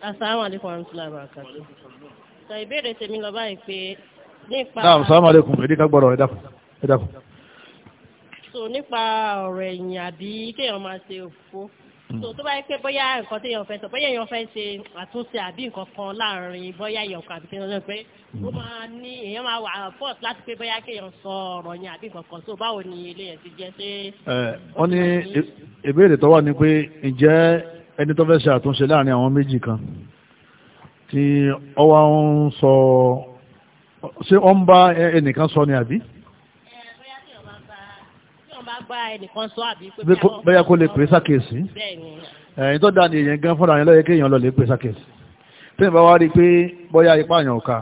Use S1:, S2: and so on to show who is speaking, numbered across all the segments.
S1: Assalamu alaikum warahmatullahi wabarakatuh. Sọ ìbéèrè tèmi lọ báyìí pé nípa. Náà assalamu alaikum
S2: èdè ká gbọ́dọ̀ ẹ̀dàkùn ẹ̀dàkùn.
S1: So nípa ọ̀rọ̀ ẹ̀yìn àbí kéèyàn máa ṣe òfófó. So hmm. tó bá yẹ pé bóyá nǹkan téèyàn fẹ́ sọ
S3: bóyá èèyàn fẹ́ ṣe àtúnṣe àbí nǹkan kan láàrin bóyá èèyàn kan àbí kéèyàn náà pé ó hmm. máa
S1: ní èèyàn máa wà fọ́ọ̀t láti pé bóyá kéèyàn sọ ọ̀rọ̀ yẹn àbí nǹkan kan so báwo ni ilé yẹn ti jẹ ṣé.
S4: Wọ́n ní ìbéèrè tó wà ní pé ǹjẹ́ ẹni tó fẹ́ ṣe àtúnṣe láàrin àwọn méjì kan tí ọwá ń sọ ṣé ọ ń bá ẹnìkan sọ ni àbí. bẹ́ẹ̀ kó lè pè sákèsí ẹ̀yìn tó dáa ni èèyàn gan fúnra yẹn lọ́yẹ kéèyàn lọ lè pè sákèsí tẹ́yìn bá wá rí pé bóyá ipá àyàn ọ̀ka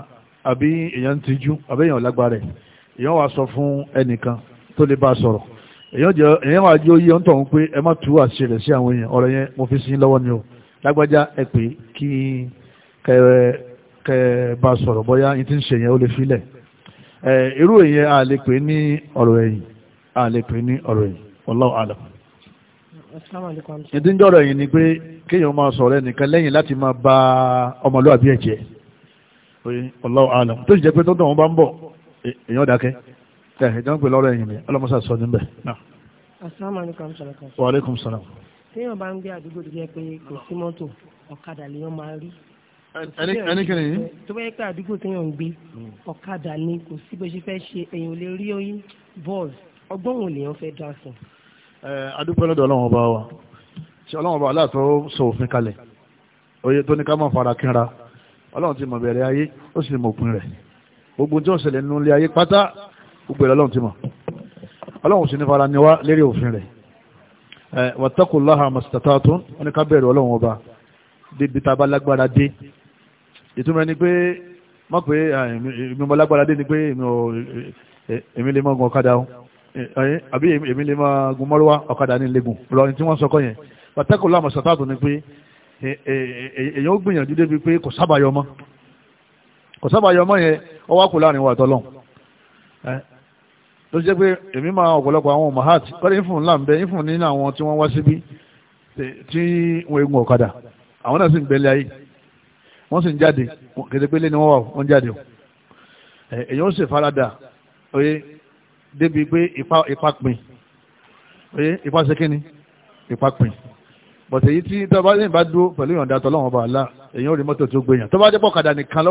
S4: àbí èèyàn ń tijú àbí lágbára ẹ̀ èèyàn wá sọ fún ẹnìkan tó lè bá sọ̀rọ̀. èyàn máa jó yí ọ̀ntọ̀ pé ẹ má tú àṣẹ sí àwọn èèyàn ọ̀rọ̀ yẹn mo fi lọ́wọ́ ni o lágbájá ẹ pé kí kẹ bá sọ̀rọ̀ bóyá ní ti ń ṣe yẹn ó lè filẹ̀ irú èyàn a lè pè ní a lè pè ní ń ni pé kéèyàn máa láti máa ba ọmọlúwàbí tó sì pé tó dùn bá ẹ̀hìn tó ń pè lọ́rọ̀ ẹ̀yìn ni ọlọ́mọṣà sọ níbẹ̀.
S1: asalaamualeykum salaam. wa aleykum salaam. téèyàn bá ń gbé àdúgbò tó jẹ́ pé kò sí mọ́tò ọ̀kadà lèèyàn máa rí. ẹni kìíní yìí. tó bá yẹ pé àdúgbò téèyàn ń gbé ọ̀kadà ni kò sí bó ṣe fẹ́ ṣe èèyàn lè rí oyin bọ́ọ̀lù ọgbọ́n wo lèèyàn fẹ́ dá sùn.
S4: adúpẹ́ lọ́dọ̀ ọlọ́run ọba wa ṣe ọlọ́run ọba aláàtọ̀ sọ òfin kalẹ̀ oye tó ní ká máa fara kínra ọlọ́run ti mọ̀ bẹ̀rẹ̀ ayé ó sì mọ̀ òpin rẹ̀ gbogbo tí ó ṣẹlẹ̀ nínú ilé ayé pátá gbogbo ẹ̀rọ ọlọ́run ti mọ̀ ọlọ́run sì ní fara ni wá lérí òfin rẹ̀ wattaqullaha mastata'tum wọn ni ká bẹ̀rù ọlọ́run ọba débi tá a bá lágbára dé ìtumọ̀ ni pé mọ̀ pé èmi mọ lágbára dé ni pé èmi lè mọ gun ọ̀kadà o àbí èmi lè mọ gun mọ́rọ́wá ọ̀kadà ní ilégùn lọ́rin tí wọ́n sọ kọ́ yẹn wattaqullaha mastata'tum ni pé èyàn ó gbìyànjú débi pé kò sábàyọmọ́ kò ló jẹ́ pé èmi máa ọ̀pọ̀lọpọ̀ àwọn mahat kọ́lé ìfún ńlá ń bẹ ìfún nínú àwọn tí wọ́n wá síbí tí wọ́n egun ọ̀kadà àwọn náà sì ń bẹ̀lẹ̀ ayé wọ́n sì ń jáde kẹ́tẹ́pẹ́lẹ́ ni wọ́n wà wọ́n jáde èyí ó sì farada oye débi pé ipa pin oye ipa ṣe kíni ipa pin bọ̀tẹ̀ yìí tí tọ́ba lẹ́yìn bá dúró pẹ̀lú ìyọ̀ǹda tọ́lọ́wọ́n bá a la èyí ó rí mọ́tò tó gbé yẹn tọ́ba jẹ́ pọ̀ nìkan ló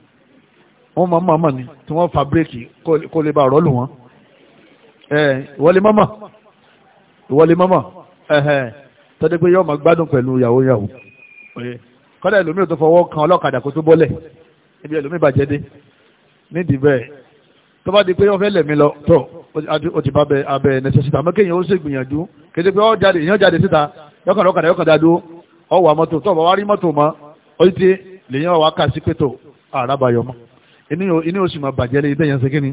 S4: wọ́n máa mọ̀ọ́mọ̀ ni tí wọ́n fa bírèkì kó lè bá rọ́ọ̀lù wọn ìwọlé mọ́mọ́ ìwọlé mọ́mọ́ tọ́jú pé yọ́ọ̀ máa gbádùn pẹ̀lú yàwó yàwó kọ́dà ẹlòmíì tó fọwọ́ kan ọlọ́kadà kó tó bọ́lẹ̀ ibi ẹlòmíì bàjẹ́ dé nídìí bẹ́ẹ̀ tó bá di pé wọ́n fẹ́ lẹ̀mí lọ tó o ti bá bẹ abẹ necessity àmọ́ kéèyàn ó sì gbìyànjú kéde pé èèyàn jáde síta yọkàn ọlọ́kadà yọkàdá dúró ọwọ́ àmọ́tò tó ọ̀bọ̀ wá rí mọ́tò mọ́ ó ti lèyàn wá kà pé tó àràbàyọ̀ mọ́. Ini oṣù máa bàjẹ́ lé tẹ̀yàn ṣe kíni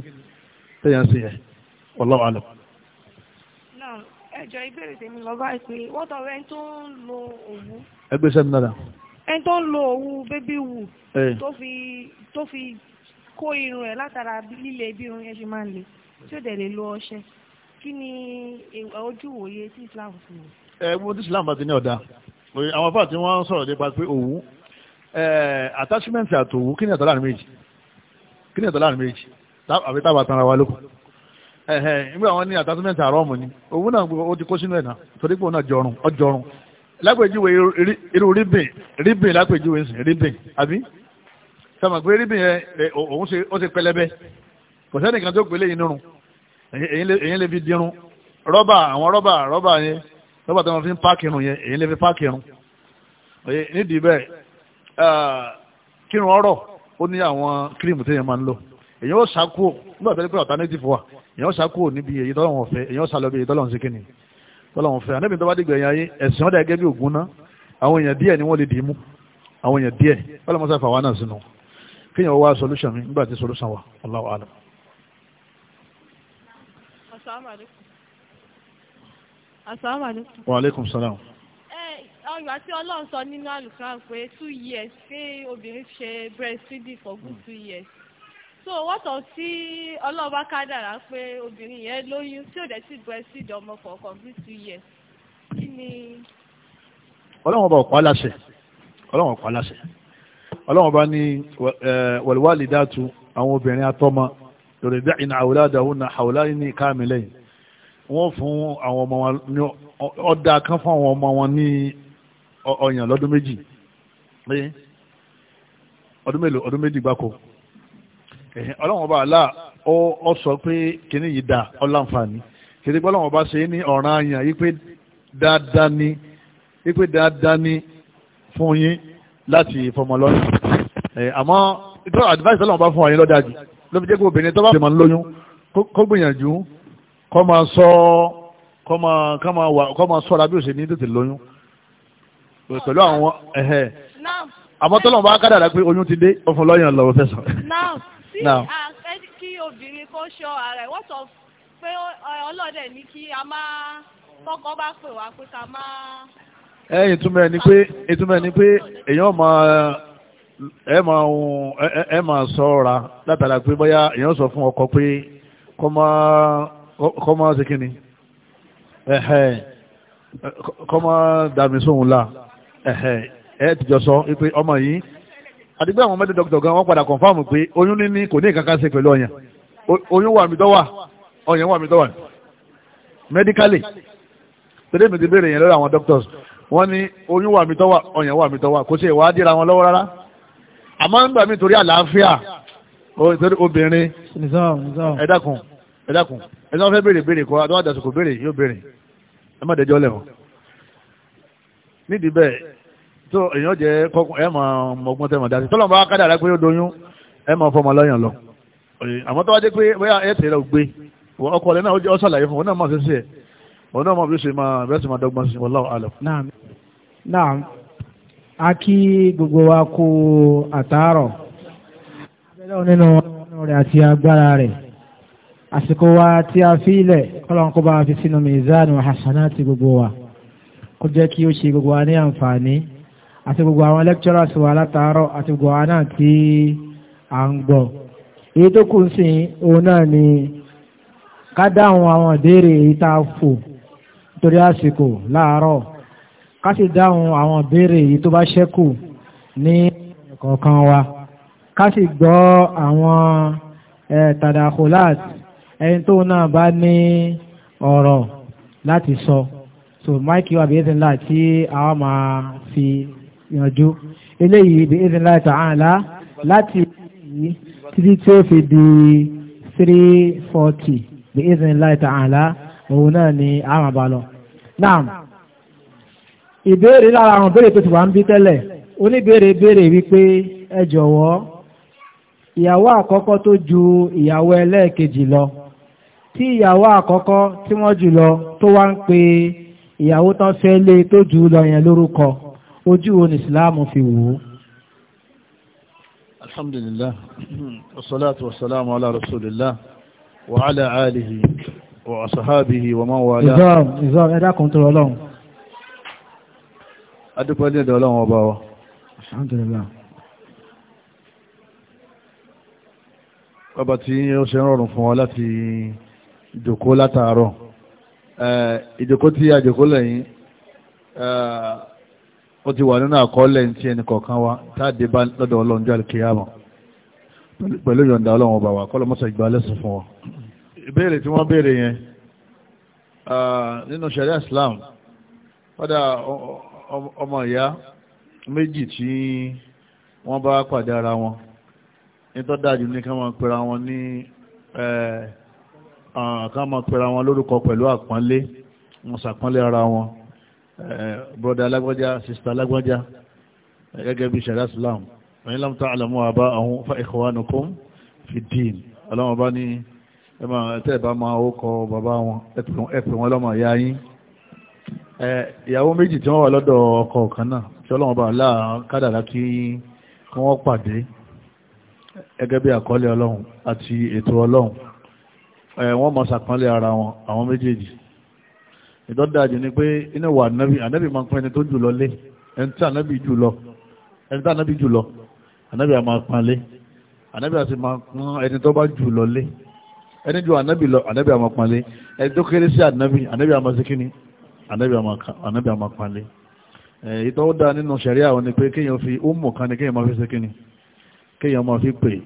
S4: tẹ̀yàn ṣe yẹ wallahu alam.
S1: ẹjọ ìbéèrè tèmi lọ báyìí pé wọ́n tọrọ ẹni tó ń lo òwú. ẹgbẹ́ sẹ́ni dáadáa. ẹni tó ń lo òwú bébí wù tó fi kó irun ẹ̀
S3: látara líle bí irun yẹn ṣe máa ń le tí ó dẹ̀ lè lo ọṣẹ kí ni
S1: ojú òye tí Islam fi wò.
S4: ẹ wo tí Islam bá ti ní ọ̀dà àwọn afáàtí wọn sọ̀rọ̀ nípa pé òwú attachment àtòwú kí ni àtàlà méjì kí ni ẹ̀tọ́ láàrin méjì àbí tábà tanra wa lóko ẹ̀hẹ̀n nígbà wọn ní àtàtúmẹ̀tì àrọ́ọ̀mù ni òun náà ó ti kó sínú ẹ̀ torí pé òun náà jọrùn ọjọrùn lápèjúwe irú ríbìn
S2: ríbìn lápèjúwe sìn ríbìn
S4: àbí sọmọ pé ríbìn yẹn òun ó pẹlẹbẹ kò tó èyí lè fi dirun rọ́bà àwọn rọ́bà rọ́bà yẹn rọ́bà tó fi ń yẹn èyí lè fi nídìí bẹ́ẹ̀ ọ̀rọ̀ ó ní àwọn kírìmù téèyàn máa ń lò èyàn ó ṣàkó nígbà tó ní pé alternative wa èyàn ó ṣàkó níbi èyí tọ́lọ́wọ́n fẹ́ èyàn ó ṣàlọ́ bí èyí tọ́lọ́wọ́n sí kíni tọ́lọ́wọ́n fẹ́ àníbi tó bá dìgbà ẹ̀yà yín ẹ̀sìn ọ̀dà gẹ́gẹ́ bí ògùn ná àwọn èèyàn díẹ̀ ni wọ́n lè dì í mú àwọn èèyàn díẹ̀ ọlọ́mọ sáfà wa náà sínú kíyàn wá solution mi nígbà tí solution wa Allahu alam.
S3: Assalamu alaikum. Assalamu alaikum.
S4: Wa alaikum salam
S3: ọ̀rọ̀ àti Ọlọ́run sọ nínú àlùkàn pé two years pé obìnrin ṣe breastfeeding for good hmm. two years so wọ́tọ̀ tí Ọlọ́run bá kádàrá pé obìnrin yẹn lóyún tí ò dẹ̀ sì breastfeed ọmọ for
S1: complete two years kí ni.
S4: Ọlọ́run ọba ọ̀pá aláṣẹ Ọlọ́run ọ̀pá aláṣẹ Ọlọ́run ọba ní eh, wàlúwàlídàtú àwọn obìnrin atọ́mọ lórí bí ìnà àwòládàhùn náà àwòládàhùn ní káàmì lẹ́yìn wọ́n fún àwọn ọmọ wọn ní ọ̀dà kan fún àwọn ọmọ wọn ní ọyàn lọ́dún méjì ọdún mélòó ọdún méjì gbáko ọlọ́run ọba àlá ọ sọ pé kìnìún yìí dáa ọláǹfààní kìnìún pé ọlọ́run ọba ṣe é ní ọ̀ràn àyàn yìí pé dáadáa ní yìí pé dáadáa ní fún yín láti fọmọ lọ́nà àmọ́ ìtọ́ advice ọlọ́run ọba fún wa yín lọ́dà jù ló fi jẹ́ pé obìnrin tó bá fẹ́ máa ń lóyún kó gbìyànjú kó máa sọ kó máa sọ́ra bí ó ṣe ní tètè lóyún pẹ̀lú àwọn ẹ̀hẹ́ àmọ́ tọ́lọ̀ bá kádàrà pé oyún ti dé ọfún lọ́yàn lọ́wọ́ fẹ́sàn. now sí àfẹ́
S3: kí obìnrin kó ṣọ́ ara ẹ̀ wọ́n sọ pé ọlọ́dẹ ní kí a máa kọ́kọ́ bá pè wá pé ká máa.
S4: ẹ ìtumọ̀ ẹ̀ ni pé ìtumọ̀ ẹ̀ ni pé èèyàn máa ẹ máa ń ẹ máa ṣọ́ra látara pé bóyá èèyàn sọ fún ọkọ pé kọ́ máa kọ́ máa ṣe kí ni kọ́ máa dàmí sóhun láà ẹ̀hẹ̀ ẹ̀ tìjọ sọ pé ọmọ yìí àdìgbà àwọn mẹ́tẹ̀ dọ́kítọ̀ gan wọ́n padà kọ̀nfàmù pé oyún níní kò ní kankan ṣe pẹ̀lú ọyàn oyún wà mí dọ́wà ọyàn wà mí dọ́wà mẹ́díkálì tẹ́lẹ̀ mi ti béèrè yẹn lọ́dọ̀ àwọn doctors wọ́n ní oyún wà mí dọ́wà ọyàn wà mí dọ́wà kò ṣe ìwádìí ra wọn lọ́wọ́ rárá àmọ́ ń gbà mí torí àlàáfíà obìnrin ẹ dákun ẹ dákun ẹ dákun fẹ́ béèrè béèrè kọ́ adọ́wàdàsókò béèrè yóò béèrè ẹ má dẹjọ́ lẹ́wọ̀n nídìí bẹ́ẹ̀ tó èèyàn jẹ́ kọ́kún ẹ mọ̀ ọgbọ́n tẹ́ mọ̀ dá sí tọ́lọ́mọ bá kádà rẹ pé ó doyún ẹ mọ̀ fọmọ lọ́yàn lọ àmọ́ tó wá dé pé bóyá ẹ tẹ̀lé ògbé ọkọ rẹ náà ó ṣàlàyé fún òun náà mọ̀ sí sí ẹ̀ òun náà mọ̀ bí ó ṣe máa bẹ́ẹ̀ sì máa dọ́gbọ́n sí wallahu alam. náà a kí
S5: gbogbo wa kú àtàárọ̀ abẹ́lẹ́ nínú ọ̀nà rẹ̀ àti agbára rẹ̀ àsìkò wa tí a fi ilẹ̀ kọ́lọ́nkọ́ bá fi sínú mizan wa hasanati gbogbo wa kó jẹ́ kí ó ṣe gbogbo wa ní àǹfààní àti gbogbo àwọn lecturers wa látàárọ̀ àti gbogbo wa náà tí a ń gbọ́ èyí tó kù sí òun náà ni ká dáhùn àwọn ìbéèrè èyí tá a fò torí àsìkò láàárọ̀ ká sì dáhùn àwọn ìbéèrè èyí tó bá ṣẹ́kù ní kọ̀ọ̀kan wa ká sì gbọ́ àwọn tàdàkùlát ẹni tó náà bá ní ọ̀rọ̀ láti sọ. So so mike wa bíi ìdínlá tí àwọn máa fi yanjú eléyìí bíi ìdínlá ta'ala láti yìí títí tí ó fi di three forty bíi ìdínlá ta'ala òun náà ni àwọn àbá lọ. naam ìbéèrè lára àwọn béèrè tó ti wà ń bí tẹ́lẹ̀ oníbéèrè béèrè wípé ẹ jọ̀wọ́ ìyàwó àkọ́kọ́ tó ju ìyàwó ẹlẹ́ẹ̀kejì lọ tí ìyàwó àkọ́kọ́ tí wọ́n jù lọ tó wá ń pe ìyàwó tán fẹ́ lé tó jù lọ yẹn lórúkọ ojú wo ni ìsìláàmù fi wò ó.
S4: alhamdulillah wasalaatu wasalaamu ala rasulillah wa ala alihi wa asahabihi wa man wala. ìzọ́m
S5: ìzọ́m ẹ̀dá kan tó rọlọ́run.
S4: adúpẹ́ ní bàbá tí ó ṣe ń rọrùn fún wa láti jòkó látàárọ̀. Eh, ìjòkó tí àjòkó lẹ́yìn eh, ó ti wà nínú àkọọ́lẹ̀ tí ẹnì kọ̀ọ̀kan wa táàdé bá lọ́dọ̀ ọlọ́run jọ́ pẹ̀lú ìyọ̀ǹda ọlọ́run ọba wa kọlọ mọ́sà ìgbà lẹ́sùn fún wa. ìbéèrè tí wọ́n béèrè yẹn eh, nínú Sharia Islam padà ọmọ ìyá méjì tí wọ́n bá wọn ní ní wọn ní Ah, ká máa pera wọn lórúkọ pẹ̀lú àpọ́nlé wọn ṣàpọ́nlé ara wọn eh, broda alágbájá sista alágbájá eh, gẹ́gẹ́ bí sharia islam ẹ̀yin lam ta'lamu aba'ahum fa ikhwanukum fi din ọlọ́wọ́n bá ní ẹ̀tẹ́ ìbá máa ó kọ bàbá wọn ẹ̀pẹ̀ wọn lọ́mọ ìyá yín eh, ìyàwó méjì tí wọ́n wà lọ́dọ̀ ọkọ kan náà tí ọlọ́wọ́n bá láà kádàlá kí wọ́n pàdé gẹ́gẹ́ bí àkọọ́lẹ̀ ọlọ́run àti ètò ọlọ́run wọ́n mọ̀ sàkánlé ara wọn àwọn méjèèjì ìdọ́dájú ni pé iná wà ànábì ànábì máa ń pẹ́ni tó jùlọ lé ẹni tí ànábì jùlọ ẹni tí ànábì jùlọ ànábì a máa pọ́n lé ànábì a sì máa ẹni tó bá jùlọ lé ẹni ju ànábì lọ ànábì a máa ẹni tó kéré sí ànábì ànábì a máa ṣe kíni ànábì a máa nínú ṣẹ̀rí àwọn ni pé kéèyàn fi ó mọ̀ kan ni kéèyàn máa fi ṣe kíni kéèyàn máa fi pè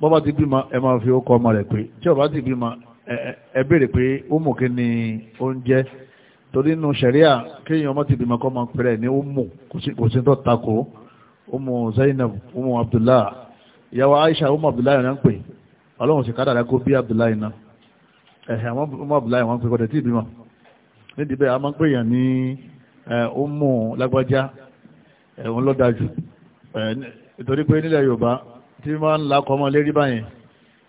S4: bọ́bá ti bímọ ẹ máa fi ó kọ́ ọmọ rẹ̀ pé tí ọba ti bímọ ẹ béèrè pé ó mú kí ni oúnjẹ torí inú sẹ̀ríà kéèyàn ọmọ ti bímọ kọ́ máa pẹ̀rẹ̀ ní ó mú kò sí tó takò ó mú Zainab ó mú Abdullah ìyàwó Aisha ó mú Abdullah náà ń pè ọlọ́run sì kádàrá kó bí Abdullah náà ẹ̀hẹ̀ àwọn ọmọ Abdullah wọn pè kọ́dẹ̀ tí ìbímọ nídìí bẹ́ẹ̀ a máa ń pè yàn ní ó mú lágbájá ẹ̀hún lọ́dájú nítorí pé nílẹ̀ Yorùbá tí wọ́n ń lakọ́ ọmọ lérí báyẹn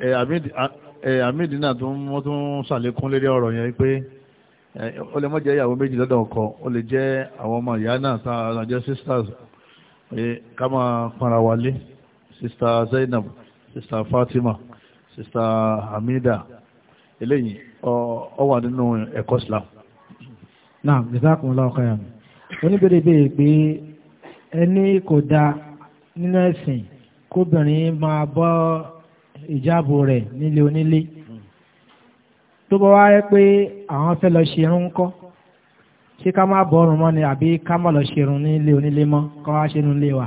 S4: àmìdí eh, eh, eh, ah, náà tó mọ́ tó ń sàlékún lérí ọ̀rọ̀ yẹn pé ó lè mọ́ jẹ́ ìyàwó méjì lọ́dọ̀ ọkọ ó lè jẹ́ àwọn ọmọ ìyá náà ta jẹ́ sisters ká máa pàrà wálé sista Zainab sista Fatima sista Hamida eléyìí ọ wà nínú ẹ̀kọ́
S5: oníbèrè bèèrè pé ẹni kò da nínú ẹ̀sìn kóbìnrin máa bọ́ ìjáàbò rẹ̀ nílé onílé tó bá wáyé pé àwọn fẹ́ lọ ṣerun ń kọ́ ṣé ká má bọ́ ọrùn mọ́ ni àbí ká má lọ ṣerun nílé onílé mọ́ kọ́ wá ṣe nílé wa.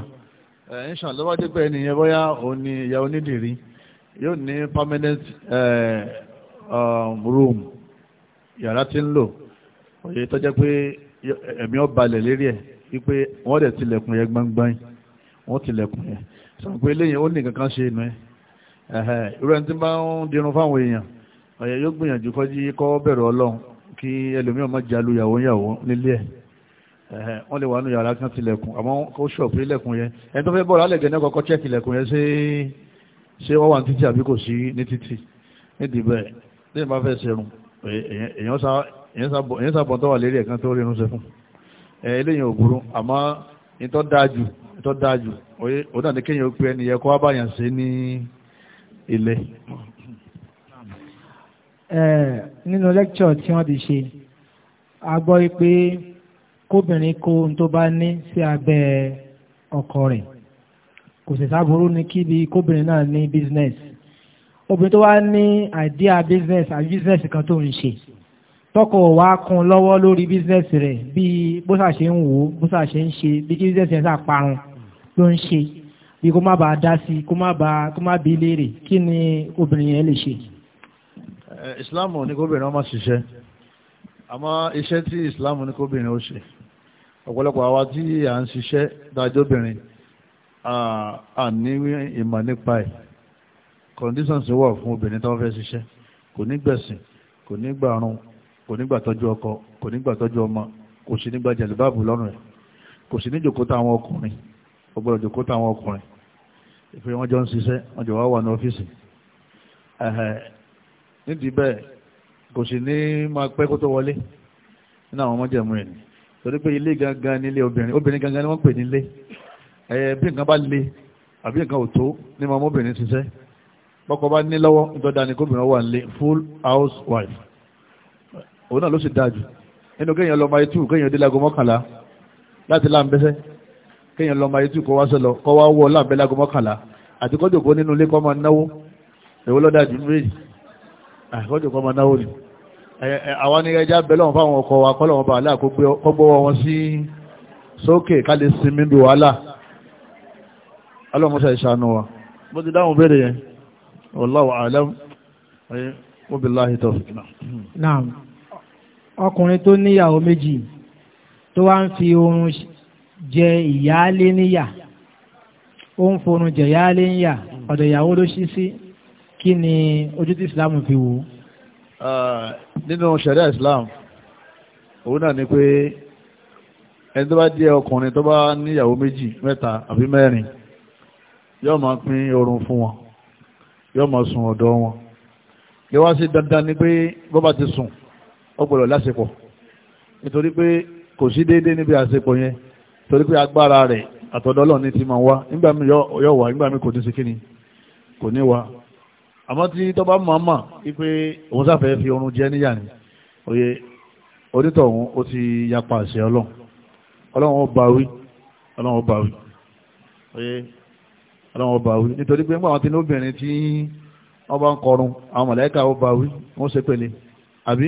S4: ẹ ń ṣàn lọ́wọ́ dípẹ́ ẹnìyẹn bóyá òun ni ìyá onídìrí yóò ní permanent um, room yàrá tí ń lò òye tó jẹ́ pé ẹ̀mí ọ̀ balẹ̀ lérí ẹ̀ wípé wọ́n dẹ̀ tilẹ̀kùn yẹn gbangban wọ́n tilẹ̀kùn yẹn sọ̀pọ̀ eléyìn ó ní kankan ṣe inú ẹ̀ irú ẹni tí bá ń dirun fáwọn èèyàn ọ̀yẹ̀ yóò gbìyànjú kọjí kọ́ bẹ̀rù ọlọ́run kí ẹlòmíràn má jalu yàwó yàwó nílé ẹ̀ wọ́n lè wà nù yàrá kan tilẹ̀kùn àmọ́ kó ṣọ̀pù ilẹ̀kùn yẹn ẹni tó fẹ́ bọ̀rọ̀ alẹ́ gẹ̀ẹ́nẹ́ kọ́kọ́ check ilẹ̀kùn yẹn ṣé ṣé wọ́n wà ní títì àbí kò sí ní títì nídìí bẹ́ẹ̀ lẹ́yìn bá fẹ́ ṣerun èèyàn sábọ̀ tó wà lérí ẹ̀kan tó rí irun ṣe fún eléyìn òbúrú àmọ́ ìtọ́ dájú ìtọ́ dájú ó náà ní kéèyàn ó pe ẹni yẹ kó wá báyàn ṣe ní ilé.
S5: nínú lẹ́kṣọ̀ tí wọ́n ti ṣe a gbọ́ pé kóbìnrin kó ohun tó bá ní sí abẹ́ ọkọ rẹ̀ kò sì sáburú ní kíbi kóbìnrin náà ní business obìnrin tó wá ní idea business àbí business kan tó ń ṣe tọkọ wa kun lọ́wọ́ lórí bísínẹ́sì rẹ̀ bí bó ṣà ṣe ń wò ó bó ṣà ṣe ń ṣe bí kí bísínẹ́sì yẹn ṣàparun ló ń ṣe bí kó má bàa dá sí kó má bàa kó má bí léèrè kí ni obìnrin yẹn lè ṣe.
S4: Eh, islam ní kóbìnrin ọmọ ṣiṣẹ́ àmọ́ iṣẹ́ tí islam ní kóbìnrin ó ṣe ọ̀pọ̀lọpọ̀ àwa tí à ń ṣiṣẹ́ dájọ́bìnrin à ní ìmọ̀ nípa ẹ̀ conditions wà fún obìnrin tó fẹ́ ṣiṣẹ́ kò ní gbẹ̀sìn kò ní gbàrún kò nígbà tọ́jú ọkọ kò nígbà tọ́jú ọmọ kò sí nígbà jẹ̀lúbáàbù lọ́rùn ẹ̀ kò sí ní jòkóta àwọn ọkùnrin ó gbọ́dọ̀ jòkóta àwọn ọkùnrin ìpè wọn jọ ń ṣiṣẹ́ wọn jọ wá wà ní ọ́fíìsì nídìí bẹ́ẹ̀ kò sì ní máa pẹ́ kó tó wọlé nínú àwọn ọmọdéjẹ̀mú ẹ̀ ni torí pé ilé gangan nílé obìnrin obìnrin gangan ni wọ́n pè nílé bí nǹkan bá le àbí nǹkan ò tó ní máa mọ́bìnrin ṣiṣẹ́ bọ́kọ bá ní lọ́wọ́ nítorí dáa kóbìnrin wà nílé full house wife òun náà ló sì dájú nínú kéèyàn lọ máa itú kéèyàn dé lágo mọ́kànlá láti láǹbẹ́sẹ́ kéèyàn lọ máa itú kọ́ wá sọ́lọ kọ́ wá wọ́ láǹbẹ́ lágo mọ́kànlá àti kọ́jọ̀kọ́ nínú ilé kọ́ máa náwó èwo ló dájú méjì àkọ́jọ̀kọ́ máa náwó ni àwọn ní ẹja bẹ́ẹ̀ lọ́wọ́ fáwọn ọkọ̀ wa kọ́lọ́wọ́ bá aláà kó gbọ́wọ́ wọn sí sókè ká lè sinmi bí wàhálà ọlọ́mọṣẹ́ ìṣàánú wa bó ti dáhùn béèrè yẹn wallahu a'lam wa billahi tawfiq
S5: náà ọkùnrin tó níyàwó méjì tó wá ń fi oorun jẹ ìyáálé níyà ó ń forun jẹ ìyáálé níyà ọ̀dọ̀ ìyàwó ló ṣí sí kí ni ojú tí ìsìláàmù fi wò
S4: ó. nínú ṣẹ̀ríà islam òun náà ni pé ẹni tó bá jẹ́ ọkùnrin tó bá níyàwó méjì mẹ́ta àbí mẹ́rin yóò máa pín oorun fún wọn yóò máa sùn ọ̀dọ̀ wọn lè wá sí dandan ni pé bó bá ti sùn ó gbọ́dọ̀ lásìkò nítorí pé kò sí déédéé níbi àsìkò yẹn torí pé agbára rẹ̀ àtọ̀dọ̀ Ọlọ́run ní ti máa wá nígbà mi yọ wá nígbà mi kò ní sí kíni kò ní wá àmọ́ tí tọ́ba máa mà wípé òun sáfẹ́ fi oorun jẹ́ níyà ni òye onítọ̀hún ó ti yapa àṣẹ Ọlọ́run Ọlọ́run ó bá wí Ọlọ́run ó bá wí òye Ọlọ́run ó bá wí nítorí pé nígbà wọn ti ní obìnrin tí wọ́n bá ń kọrun àwọn mọ̀lẹ́kà ó bá wí wọ́n ṣe pẹ̀lẹ́ àbí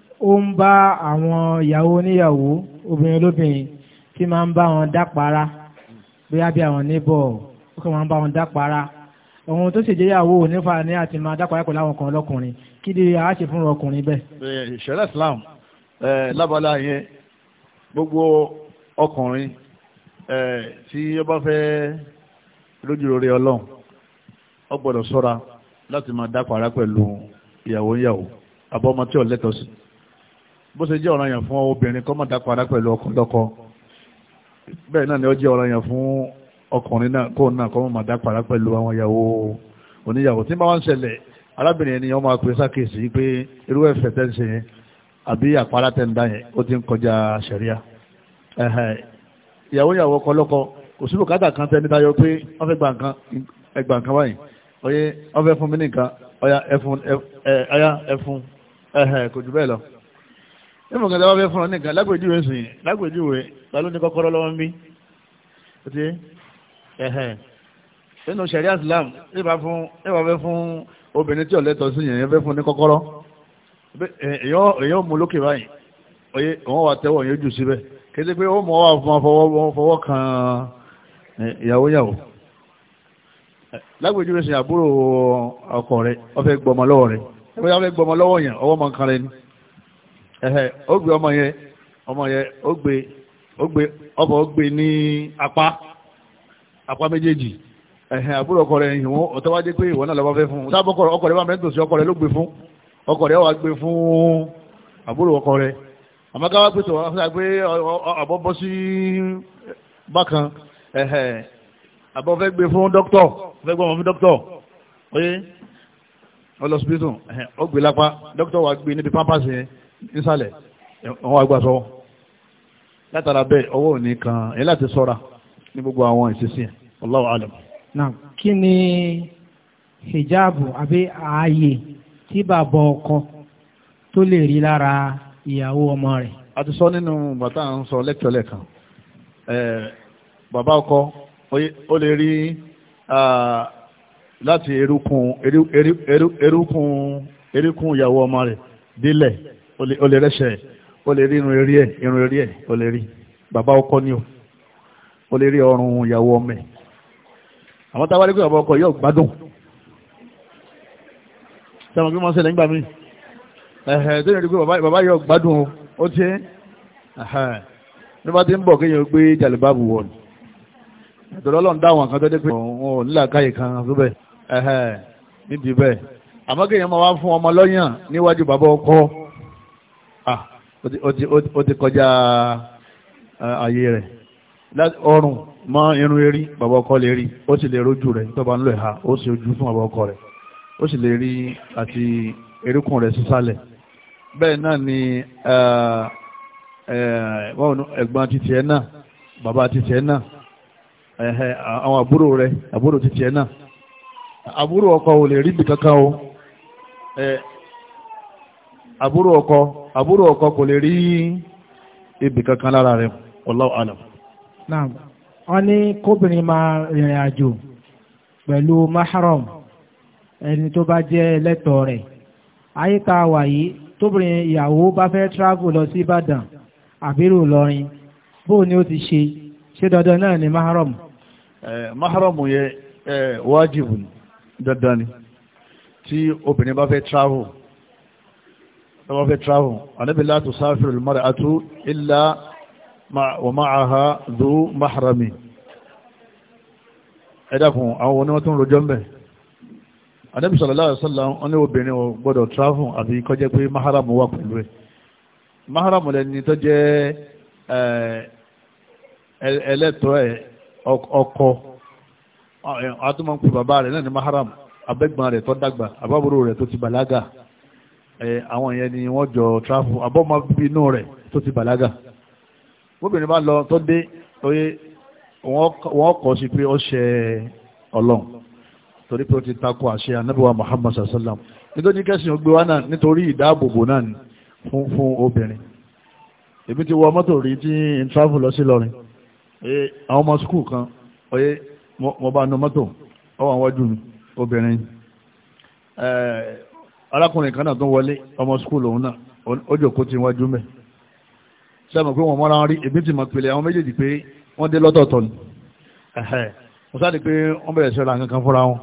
S5: ó ń bá àwọn ìyàwó oníyàwó obìnrin olóbìnrin tí máa ń bá wọn dápara bóyá bí àwọn níbọ̀ ó kàn máa ń bá wọn dápara ohun tó sì jẹ́yàwó nípa ní àti máa dápara pẹ̀lú àwọn kan lọ́kùnrin kí ni a ṣe fún ọkùnrin bẹ́ẹ̀.
S4: ìṣẹ̀lẹ̀ Islam lábala yẹn gbogbo ọkùnrin tí ó bá fẹ́ lójú rere Ọlọ́run ó gbọ́dọ̀ ṣọ́ra láti máa dápara pẹ̀lú ìyàwó ìyàwó àbọ̀mọ tí bó ṣe jẹ́ ọ̀ranyàn fún obìnrin kọ́ mọ̀dá padà pẹ̀lú ọkọ lọ́kọ bẹ́ẹ̀ náà ni ó jẹ́ fún ọkùnrin náà kó náà kọ́ mọ̀dá pẹ̀lú àwọn ìyàwó oníyàwó tí máa ń ṣẹlẹ̀ arábìnrin ẹni ọmọ sákèsí pé irú ẹ̀fẹ̀ tẹ́ ń ṣe àbí àpárá tẹ́ ń dá yẹn ó ti ń kọjá ṣẹ̀ríà ìyàwó ìyàwó ọkọ lọ́kọ kan tẹ́ níta yọ pé wọ́n fẹ́ gba nígbà kan tí wọ́n fẹ́ fún ọ nìkan lágbèjúwe sìn lágbèjúwe ta ló ní kọ́kọ́rọ́ lọ́wọ́ ń bí ọtí ẹ̀hẹ̀ nínú sẹ̀ríà Islam nígbà fún nígbà fẹ́ fún obìnrin tí ọ̀lẹ́tọ̀ sí yẹn fẹ́ fún ní kọ́kọ́rọ́ èyàn mú lókè báyìí oye òun wà tẹ́wọ̀ yóò jù síbẹ̀ kété pé ó mọ̀ wà fún afọwọ́ kan ìyàwó yàwó lágbèjúwe sìn àbúrò ọkọ rẹ ó fẹ́ gbọmọ lọ́wọ́ rẹ ó fẹ́ gbọmọ lọ́wọ́ yẹn ọwọ́ mọ̀ nǹkan rẹ ni ẹ̀hẹ̀ ó gbé ọmọ yẹn ọmọ yẹn ó gbé ó gbé ọbọ̀ ó gbé ní apá apá méjèèjì ẹ̀hẹ̀ àbúrò ọkọ rẹ̀ ìwọ̀n ọ̀tọ́wájé pé ìwọ̀n náà lọ́wọ́ fẹ́ fún un sábà ọkọ rẹ̀ bá mẹ́rin tòsí ọkọ rẹ̀ ló gbé fún ọkọ rẹ̀ wà gbé fún àbúrò ọkọ rẹ̀ àmọ́ ká wá pé tó wá pé àbọ̀bọ̀ sí bákan ẹ̀hẹ̀ àbọ̀ fẹ́ gbé fún dókítọ̀ fẹ́ gbọ́ ọmọ fún dókítọ̀ oyé ọlọ́sibítù ẹ̀hẹ̀ ó gbé lápá dókítọ̀ wà gbé níbi pápá sí yẹn nísàlẹ̀ wọ́n agbá sọ́wọ́ látara bẹ́ẹ̀ ọwọ́ òní kan ẹ̀ láti sọ́ra ní gbogbo àwọn ìṣesí ẹ̀ Allahu alam. náà
S5: kí ni hijabu àbí ààyè tí bàbá ọkọ
S4: tó lè rí lára ìyàwó ọmọ rẹ̀. a ti sọ nínú bàtà ń sọ lẹ́kítọ́lẹ̀ kan bàbá ọkọ ó lè rí láti erukun erukun erukun ìyàwó ọmọ rẹ̀ délẹ̀ o lè rẹ́ṣẹ̀ o lè rí irun eré ẹ̀ irun eré ẹ̀ o lè rí bàbá ọkọ ni o o lè rí ọrùn ìyàwó ọmọ ẹ̀ àwọn táwa rí pé bàbá ọkọ yóò gbádùn sẹ́wọ̀n bí wọ́n ṣẹlẹ̀ nígbà míì ẹ̀hẹ̀ tó yẹ kí bàbá yóò gbádùn o ó ti ní bá ti ń bọ̀ kéèyàn gbé jàlùbáàbù wọ̀ ni ìtọ́lọ́ ọlọ́run dáwọn kan tó dé pé òun ò nílà káyè kan tó bẹ̀ ẹ̀hẹ̀ nídìí bẹ́ẹ̀ àmọ́ kéèyàn máa wá fún ọmọ lọ́yàn níwájú bàbá ọkọ ah o ti kọjá ààyè rẹ̀ ọrùn mọ́ irun erí bàbá ọkọ lè rí ó sì lè rójú rẹ̀ tọ́ba ńlọ ha ó sì ojú fún bàbá ọkọ rẹ̀ ó sì lè rí àti erékùn rẹ̀ sísàlẹ̀ bẹ́ẹ̀ náà ni ẹ̀gbọ́n títí ẹ̀ náà bàbá náà àwọn àbúrò àbúrò náà àbúrò ọkọ ò lè rí kankan o àbúrò ọkọ àbúrò ọkọ kò lè rí ibi kankan lára rẹ̀
S2: wallahu alam.
S5: naam wọ́n ní kóbìnrin máa rìnrìn àjò pẹ̀lú mahram ẹni tó bá jẹ́ lẹ́tọ̀ọ́ rẹ̀ ayíta wàyí tóbìnrin ìyàwó bá fẹ́ travel lọ sí Ìbàdàn àbírò lọrin bóò ni ó ti ṣe ṣé dandan náà ni mahram.
S4: mahram yẹ wájibu dandan ni tí obìnrin bá fẹ́ travel tọ́wọ́ fẹ́ travel anábì la tusafiru al-mar'atu illa wa ma'aha dhu mahrami ẹ̀dàkùn àwọn oníwọ́ tó ń rojọ́ mẹ́ anábì sallallahu alaihi wasallam wọn ní obìnrin ò gbọ́dọ̀ travel àbí kó jẹ́ pé maharamu wà pẹ̀lú ẹ̀ maharamu lẹni tó jẹ́ ẹlẹ́tọ́ ẹ̀ ọkọ àtúmọ̀ ń pè bàbá rẹ̀ náà ní maharamu abẹ́gbọ̀n rẹ̀ tó dàgbà àbábúrò rẹ̀ tó ti bàlágà àwọn yẹn ni wọ́n jọ tráfù abọ́mọ inú rẹ̀ tó ti bàlágà gómìnà bá lọ tó dé oyé wọ́n kọ́ sí pé ó ṣe ọlọ́run torí pé ó ti takò àṣẹ anábíwá Muhammad sallam nítorí kẹsìn ògbé wa náà nítorí ìdáàbòbò náà ni fún fún obìnrin èmi ti wọ mọ́tò rí tí n tráfù lọ sí lọrin àwọn ọmọ skul kan oyé mo bá nu mọ́tò ọwọ́ àwọn ọdún obìnrin arákùnrin kan náà tó wọlé ọmọ skul òun náà ó jòkó ti wájú mẹ́ sẹ́mọ̀ pé wọ́n mọ́ra rí èmi ti mọ̀ pèlè àwọn méjèèjì pé wọ́n dé lọ́tọ̀ọ̀tọ̀ ni mo sáà di pé wọ́n bẹ̀rẹ̀ sí ra kankan fúnra wọn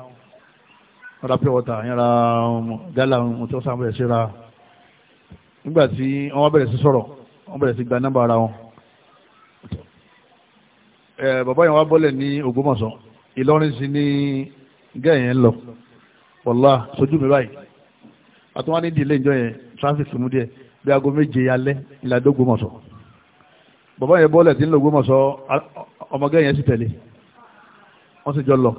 S4: wọ́n ra pure water yẹn ra um, gálà ohun um, tí wọ́n sáà bẹ̀rẹ̀ sí nígbà tí wọ́n bẹ̀rẹ̀ sí sọ̀rọ̀ wọ́n bẹ̀rẹ̀ sí gba nọ́mbà ara wọn bàbá yẹn wá bọ́lẹ̀ ní Ògbómọ̀ṣọ́ Ìlọrin sí ní gẹ́yìn lọ wọ́lá sojú mi báyìí àtúnwá ní ìdílé ìjọ yẹn traffic mú díẹ̀ bí aago méje alẹ́ ìlàdó gbọmọ̀sọ̀ bàbá yẹn bọ́ọ̀lẹ̀ tí ń lò yẹn sì tẹ̀lé wọ́n sì jọ lọ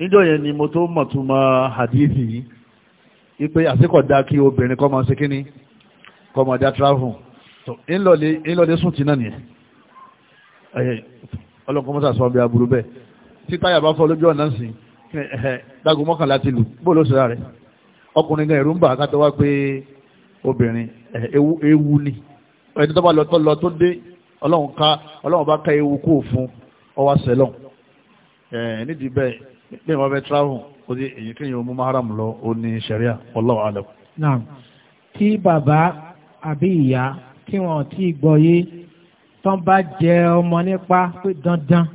S4: níjọ yẹn ni mo tó mọ̀ tó mọ hadithi yìí wípé àsìkò dá kí obìnrin kọ́ máa ṣe kíní kọ́ máa dá travel ńlọlé sùn tì náà nìyẹn ọlọ́kọ́ mọ́tà sọ bí aburú bẹ́ẹ̀ tí táyà bá fọ́ lójú ọ̀nà sí dágùn mọ́kànlá ti lù bóòlù ó ṣe rà rẹ̀ ọkùnrin gan ẹ̀rú ń bà ká wá pé obìnrin ewu ni ẹni tó bá lọ tó lọ tó dé ọlọ́run ká ọlọ́run bá ká ewu kó fún ọwá sẹlọ̀ nídìí bẹ́ẹ̀ bí wọ́n fẹ́ travel ó di èyí kéèyàn mú maharam lọ ó ní sẹ̀ríà wallahu alam.
S5: naam tí bàbá àbí ìyá tí wọn ti gbọ́ yé tán bá jẹ ọmọ nípa pé dandan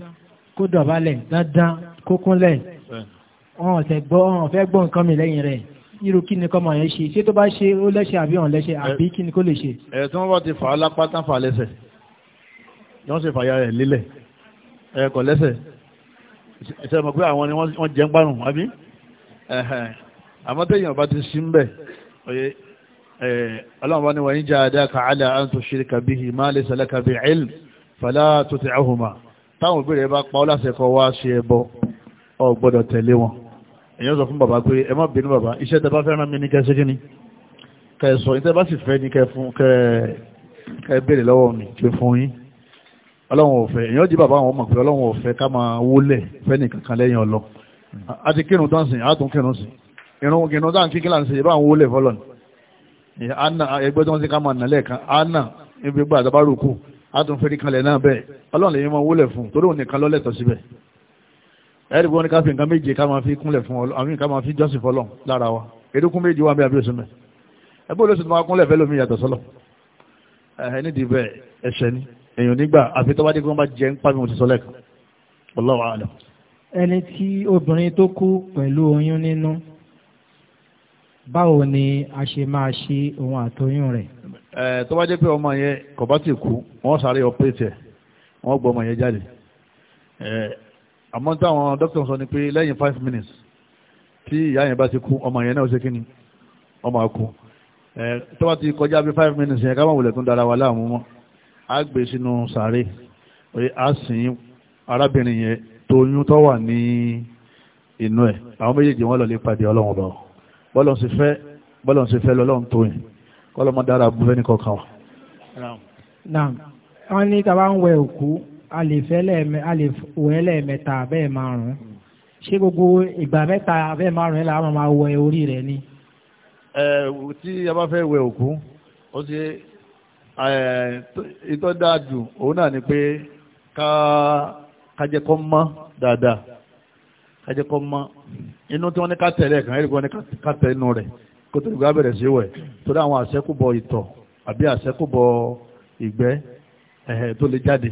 S5: kó dọ̀bálẹ̀ dandan kó wọn ò fẹ́ gbọ́ nǹkan mi lẹ́yìn rẹ̀ irú kí ni kọ́mọ yẹn ṣe ṣé tó bá ṣe ó lẹ́ṣẹ̀ àbí ọ̀n lẹ́ṣẹ̀ àbí kí ni kó lè ṣe.
S4: ẹ tí wọn bá ti fà á lápá tán fà á lẹ́sẹ̀ yọọ sì fàyà rẹ lélẹ̀ ẹ kọ lẹ́sẹ̀ ṣe mọ̀ pé àwọn ni wọn jẹ ń gbárùn àbí àmọ́ téèyàn bá ti sí mbẹ oye Ọlọ́run bá ní wọn níjà adá ka àlà à ṣe kàbí má lè sẹlẹ kàbí ẹl fàlà tó ti àhùmá táwọn òbí rẹ bá pa ọ láṣẹ kọ wá ṣe ẹbọ ọ gbọ́dọ̀ tẹ̀lé wọn èyàn sọ fún bàbá pé ẹ má bínú bàbá iṣẹ́ tẹ bá fẹ́ràn mi ní kẹsí kí ni kẹsọ ìtẹ́ bá sì fẹ́ ní kẹ bèèrè lọ́wọ́ mi pé fún yín ọlọ́run ọ̀fẹ́ èyàn jí bàbá àwọn ọmọ pé ọlọ́run ọ̀fẹ́ ká máa wólẹ̀ fẹ́ nìkan kan lẹ́yìn ọlọ àti kírun tán sìn àtún kírun sìn irun kírun tán kí kíláà ń sìn ìbá àwọn wólẹ̀ fọlọ́ ni ẹgbẹ́ tí wọ́n ti ká máa nà lẹ́ẹ̀kan ánà ibi gbà àtàbárùkù àtún fẹ́rí náà bẹ́ẹ̀ ọlọ́run lè yín máa wólẹ̀ fún torí òun nìkan lọ́lẹ̀ tọ́ síbẹ̀ ẹ̀rí wọn ni ká fi nǹkan méje ká máa fi kúnlẹ̀ fún ọlọ́ àmì ká máa fi jọ́sìn fọlọ́ lára wa erékún méje wa bí abẹ́ òsùnmẹ̀ ẹgbẹ́ olóṣù tó máa kúnlẹ̀ fẹ́ lómi yàtọ̀ sọ́lọ̀ ẹ̀hẹ́ nídìí bẹ́ẹ̀ ẹ̀ṣẹ̀ ni èèyàn nígbà àfi tó bá dé kí wọ́n bá jẹ́ ń pa mi mo ti sọ lẹ́ẹ̀kan wallahu a'lam.
S5: ẹni tí obìnrin tó kú pẹ̀lú oyún nínú báwo ni a ṣe máa ṣe òun àtoyún rẹ̀.
S4: ẹ jẹ́ pé ọmọ yẹn kò kú wọ́n sáré ọpẹ́tẹ̀ wọ́n gbọ́ ọmọ yẹn jáde àmọ́ táwọn doctor sọ ni pé lẹ́yìn five minutes tí ìyá yẹn bá ti kú ọmọ yẹn náà ṣe kí ni ọmọ kú ẹ tó bá ti kọjá bí five minutes yẹn káwọn wòlẹ̀ tó ń dara wa láàmú mọ́ á gbé sínú sàárè oye á sìn arábìnrin yẹn tóyún tó wà ní inú ẹ̀ àwọn méjèèjì wọn lọ lè pàdé ọlọ́run bọ̀ bọ́lọ̀ sì fẹ́ bọ́lọ̀ sì fẹ́ lọ́lọ́run tó yìn kọ́lọ́mọ dára abúlé nìkan kan wà. naam wọ́n ní
S5: tàbá ń wẹ òkú a lè fẹ́ lẹ́ẹ̀mẹ́ a lè wẹ̀ lẹ́ẹ̀mẹ́ta márùn ṣé gbogbo ìgbà mẹ́ta abẹ́ márùn la máa wẹ orí rẹ̀ ni.
S4: ẹ tí a bá fẹ́ wẹ òkú ó ṣe ìtọ́ dáa jù òun náà ni pé ká kájẹ́ kọ́ mọ́ dáadáa kájẹ́ kọ́ mọ́ inú tí wọ́n ní ká tẹ̀lé ẹ̀kan ẹ̀rí wọ́n ní ká tẹ̀ inú rẹ̀ kó tó ìgbà bẹ̀rẹ̀ sí wẹ̀ torí àwọn àṣẹ́kùbọ̀ ìtọ̀ àbí àṣẹ́kùbọ̀ ìgbẹ́ tó lè jáde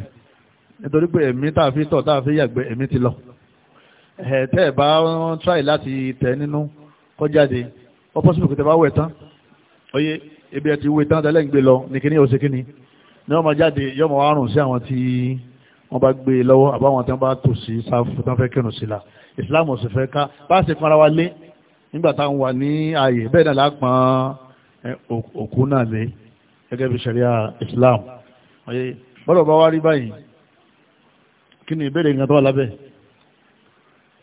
S4: nítorí pé ẹ̀mí tá a fi tọ̀ tá a fi yàgbẹ́ ẹ̀mí ti lọ ẹ̀ẹ́tẹ́ ẹ̀ bá ń tráì láti tẹ̀ nínú kọjáde ó pọ́sibú kìtẹ́ bá wẹ̀ tán oyè ebi ẹ̀ ti wẹ̀ tán tẹ́lẹ̀ ń gbé lọ ní kíní oṣù kíní ní ọmọ jáde yọmọ àrùn sí àwọn tí wọ́n bá gbé e lọ́wọ́ àbáwọn tí wọ́n bá tò sí sáfù tán fẹ́ kírun sí la ìsìláàmù sì fẹ́ ká bá a sì fara wa lé nígbà táwọn wà ní kí ni ìbéèrè yẹn tó wà lábẹ́.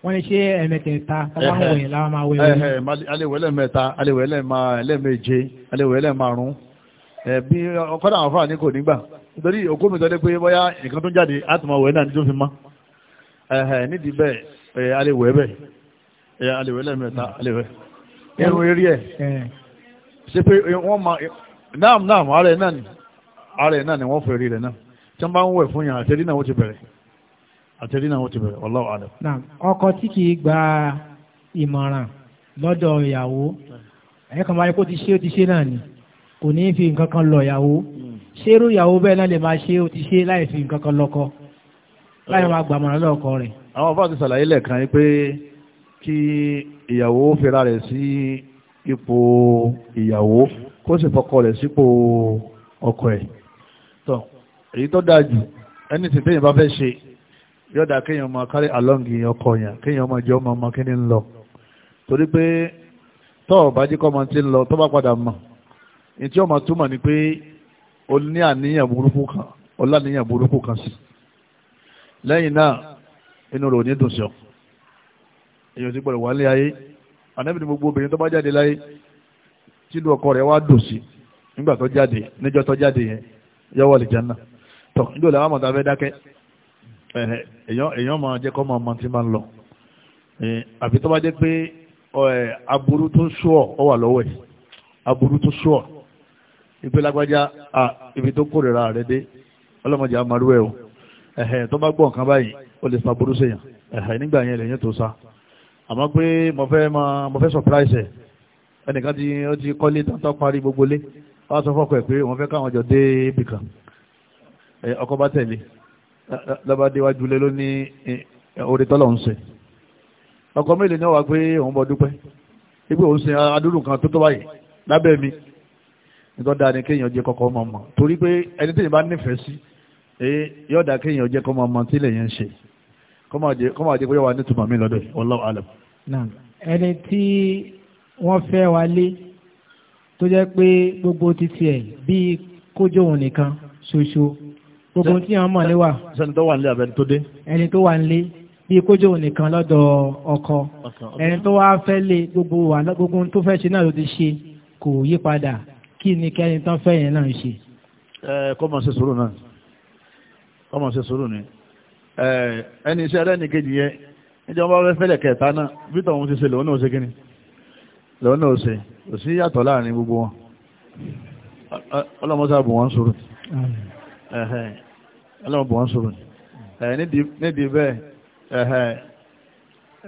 S4: wọ́n ní ṣé ẹ̀mẹ̀tẹ̀ẹ̀ta táwọn wọ̀nyí láwọn máa wẹ̀ wọ́n. aléwẹ̀ lẹ́mẹ̀ta aléwẹ̀ lẹ́mẹ̀je aléwẹ̀ lẹ́màrún bí ọkọ́dà àwọn fáà ní kò nígbà nítorí òkú mi tọ́lé pé bóyá nǹkan tó ń jáde átùmọ̀ wẹ̀ náà ní tó fi mọ́ nídìí bẹ́ẹ̀ aléwẹ̀ bẹ́ẹ̀ aléwẹ̀ lẹ́mẹ̀ta aléwẹ̀ irun eré ẹ̀ ṣe pé wọ́n máa náà náà ààrẹ náà ni wọ́n fẹ́ rí rẹ̀ náà tí wọ́n bá ń wẹ̀ fún yàn àtẹ́rí náà wọ́n ti bẹ̀rẹ̀ àtẹ̀rí náà wọ́n ti bẹ̀rẹ̀ Allahu a'lam.
S5: ọkọ tí kì í gba ìmọ̀ràn lọ́dọ̀ ìyàwó ẹ̀yẹ́ kan máa yẹ kó ti ṣe ó ti ṣe náà ni kò ní fi nǹkan kan lọ ìyàwó ṣé irú ìyàwó bẹ́ẹ̀ náà lè máa ṣe ó ti ṣe láì fi nǹkan kan lọ́kọ
S4: láì máa gbàmọ̀ràn lọ́kọ rẹ̀. àwọn bá ti ṣàlàyé lẹ́ẹ̀kan yìí pé kí ìyàwó fira rẹ̀ sí ipò ìyàwó kó sì fọkọ rẹ̀ sípò ọkọ ẹ̀ tó èyí tó dáa jù ẹni tètè yìí fẹ́ ṣe yọ́dà kéèyàn máa kárí along ọkọ̀ yàn kéèyàn máa jẹ́ ọmọ kí ni ń lọ torí pé tọ́ ọ̀bá jíkọ́ máa ti ń lọ tó bá padà mọ̀ ní tí ó máa túmọ̀ ni pé o ní àníyàn burúkú kan o láníyàn burúkú kan sí lẹ́yìn náà inú rò ní ti ayé ànábì gbogbo obìnrin tó bá ọkọ wá dùn sí nígbà tó jáde níjọ́ tó jáde yẹn tọ́ làwọn àmọ̀tá Eh, èèyàn máa jẹ́ kọ́ máa mọ tí máa ń lọ eh, àfi tó bá jẹ́ pé eh, aburú tó sùọ́ ọ wà lọ́wọ́ ẹ̀ aburú tó sùọ́ ìpè lágbájá ibi tó kórìíra rẹ̀ dé ọlọ́mọdé amarú ẹ̀ o tó bá gbọ́ nǹkan báyìí ó lè fa burú sèyàn nígbà yẹn lèyìn tó sá àmọ́ pé mo fẹ́ máa mo fẹ́ surprise ẹ̀ ẹnìkan tí ó ti kọ́lé tọ́tọ́ parí gbogbo lé wọ́n sọ fọ́kọ̀ ẹ̀ pé wọ́n fẹ́ káwọn jọ dé ibìkan ọkọ̀ bá tẹ̀lé lọ́ba déwájú lé lóní orí tọ́lọ̀ ń ṣe ọkọ̀ mélòó ni wọ́n wá pé òun bọ́ dúpẹ́ ipò òun ṣe adúrú kan tó tó báyìí lábẹ́ mi nítorí dáa ni kéèyàn jẹ́ kọ́kọ́ ọmọ ọmọ torí pé ẹni tí ìbá nífẹ̀ẹ́ sí yóò dáa kéèyàn jẹ́ kọ́mọ ọmọ tí lèyàn ń ṣe kọ́mọ àjẹ́ pé wà ní tùmọ̀ mi lọ́dọ̀ Allahu alam.
S5: ẹni tí wọ́n fẹ́ wa lé tó jẹ́ pé gbogbo títí ẹ̀ bíi kójó nìkan ṣoṣo gbogbo tí
S4: wọ́n mọ̀ níwà. sẹ́ni tó wà nílé àbẹ́ni tó dé.
S5: ẹni tó wà nílé bí kójó nìkan lọ́dọ̀ ọkọ ẹni tó wá fẹ́ lé gbogbo wà gbogbo tó fẹ́ ṣe náà ló ti ṣe kò yí padà kí ni kẹ́ni tán fẹ́ yẹn náà ṣe.
S4: ẹ kọ́ máa ṣe sùúrù náà kọ́ máa ṣe sùúrù ni ẹni iṣẹ́ ẹlẹ́ni kejì yẹn níjọba fẹ́ fẹ́lẹ̀ kẹta náà bí tọ̀hún ti ṣe lòun náà ṣe kíni lòun náà ṣe kò sí yàtọ̀ láàrin gbogbo wọn ọlọ́mọṣà ọlọ́run bọ̀ wọ́n sọ̀rọ̀ nídìí bẹ́ẹ̀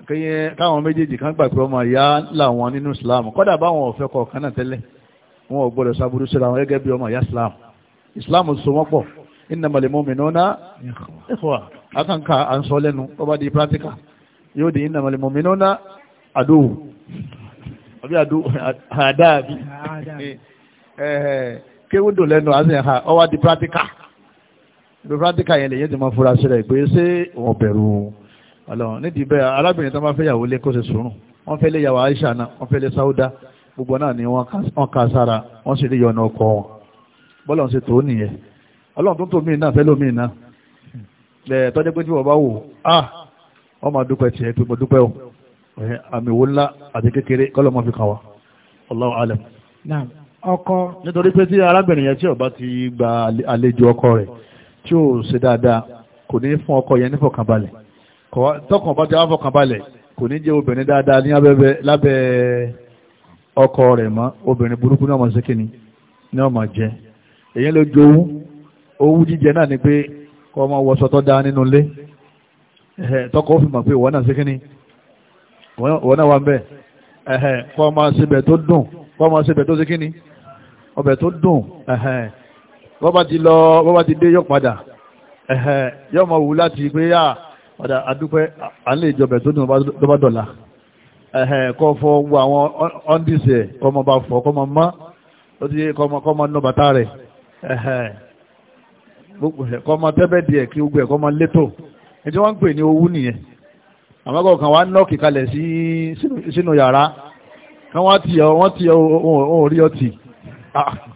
S4: kíyẹn káwọn méjèèjì kan gbà pé ọmọ ìyá làwọn nínú islam kọ́dà báwọn ọ̀fẹ́ kọ̀ọ̀kan náà tẹ́lẹ̀ wọn ò gbọ́dọ̀ sábúrú síra wọn gẹ́gẹ́ bí ọmọ ìyá islam islam so wọ́n pọ̀ innamal mu'minuna ikhwa akànkà à ń sọ lẹ́nu ọba di practical yóò di innamal mu'minuna àdó àbí àdó àdáàbí kéwòdò lẹ́nu àti ẹ̀ha ọwá di practical ibi practical yẹn lè yẹn ti máa fura sílẹ̀ pé ṣé wọ́n bẹ̀rù ọlọ́run nídìí bẹ́ẹ̀ arábìnrin tó máa fẹ́ yàwó lé kó ṣe sùúrù wọ́n fẹ́ lé yàwó Aisha náà wọ́n fẹ́ lé Sauda gbogbo náà ni wọ́n ka sára wọ́n sì rí yọ̀nà ọkọ̀ wọn bọ́lọ̀ ṣe tó nìyẹn ọlọ́run tó tó mí náà fẹ́ lómi náà lẹ̀ tọ́jú pé tí wọ́n bá wò á wọ́n máa dúpẹ́ tiẹ̀ pé mo dúpẹ́ o àmì wo ńlá àti kékeré kọ́lọ́ mọ́ fi kàn wá Allahu alam. ọkọ. nítorí pé tí arábìnrin yẹn tí ó bá ti gba àlejò ọkọ rẹ̀ tí ó ṣe dáadáa kò ní fún ọkọ yẹn nífọ̀kànbalẹ̀ tọkàn bá jẹ́ àfọ̀kànbalẹ̀ kò ní jẹ́ obìnrin dáadáa ní lábẹ́ ọkọ rẹ̀ mọ́ obìnrin burúkú náà mọ̀ sí kìíní ní ọmọ jẹ́ èyí ló jẹ owó owó jíjẹ náà ni pé kọ́ ọmọ wọṣọ tó dáa nínú ilé tọkọ ó fi mọ̀ pé ìwọ náà sí kìíní ìwọ náà wà ń bẹ̀ kọ́ ọmọ síbẹ̀ tó dùn kọ́ ọmọ síbẹ̀ tó sí kìíní ọbẹ̀ tó dùn bọ́bá ti lọ bọ́bá ti dé yọ padà ẹ̀hẹ̀ yọ mọ̀ wù láti pé yà padà adúpẹ́ à ń lè jọbẹ̀ tó ní ọba dọ̀la ẹ̀hẹ̀ kọ́ fọ gbogbo àwọn ọ́ndísì ẹ̀ kọ́ mọ bá fọ kọ́ mọ mọ́ ó ti kọ́ mọ nọ bàtà rẹ̀ ẹ̀hẹ̀ kọ́ mọ tẹ́bẹ̀ díẹ̀ kí gbogbo ẹ̀ kọ́ létò ní wọ́n ń pè ní owú nìyẹn àmọ́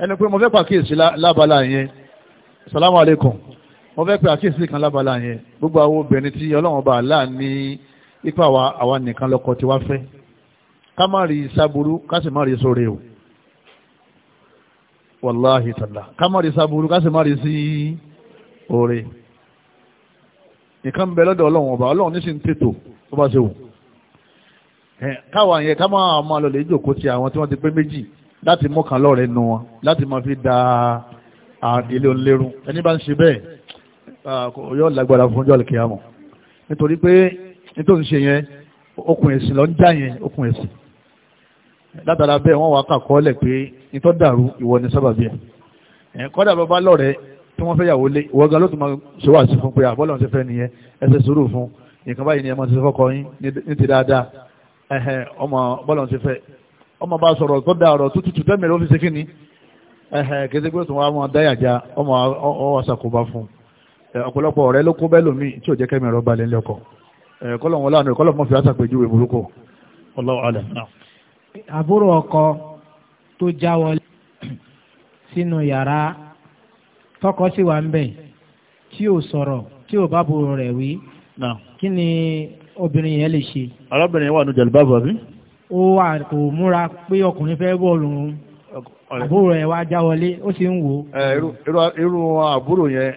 S4: ẹni pé mo fẹ́ pàkíyèsí lábala yẹn salamu aleykum mo fẹ́ pé àkíyèsí kan lábala yẹn gbogbo àwọn obìnrin tí ọlọ́run bá là ní ipa wa àwa nìkan lọ́kọ tí wá fẹ́ ká má rí sábúrú ká sì má rí sóre o wàláhì tàlà ká má rí sábúrú ká sì má rí sí oore nìkan bẹ lọ́dọ̀ ọlọ́run ọba ọlọ́run ní sì ń tètò tó bá ṣe wù káwa yẹn ká má máa lọ lè jókòó ti àwọn tí wọ́n ti pé méjì láti mú kan lọ́rẹ̀ nu wọn láti máa fi da ilé onlérun ẹni bá ń ṣe bẹ́ẹ̀ yóò lágbára fún ọjọ́ àlùkìyàmọ̀ nítorí pé nítorí ṣe yẹn okùn ẹ̀sìn lọ ń já yẹn okùn ẹ̀sìn látara bẹ́ẹ̀ wọ́n wá kàkọ́ọ́lẹ̀ pé nítọ́ dàrú ìwọ ni sábàbí ẹ̀ kọ́dà bàbá lọ́rẹ̀ẹ́ tí wọ́n fẹ́ yàwó lé ìwọ́gá ló tún máa ṣe wà fún pé àbọ́lọ̀ ọmọ bá sọ̀rọ̀ tó dá ọ̀rọ̀ tó tutù tẹ́mì ló fi ṣe kíni ẹ̀hẹ̀ kéde pé tòun àwọn dáyàjá ọmọ ọwọ́ ṣàkóbá fún ọ̀pọ̀lọpọ̀
S2: ọ̀rẹ́ ló kó bẹ́ẹ̀ lómi tí ò jẹ́ kẹ́mi ọ̀rọ̀ balẹ̀ ńlẹ̀ ọkọ̀
S4: kọ́lọ̀ láàánú kọ́lọ̀ mọ́fì àṣàpèjúwe
S2: burúkú
S5: Allahu alam. àbúrò ọkọ tó já wọlé sínú yàrá tọkọ sì wà ń bẹ̀ tí ò sọ̀rọ̀ tí ò bá burú rẹ̀ obìnrin yẹn lè ṣe.
S4: arábìnrin wà nù jẹ̀lú bí.
S5: ó wà kò múra pé ọkùnrin fẹ́ bọ́ọ̀lù àbúrò
S4: ẹ̀ wá já wọlé ó sì ń wò ó. irú àbúrò yẹn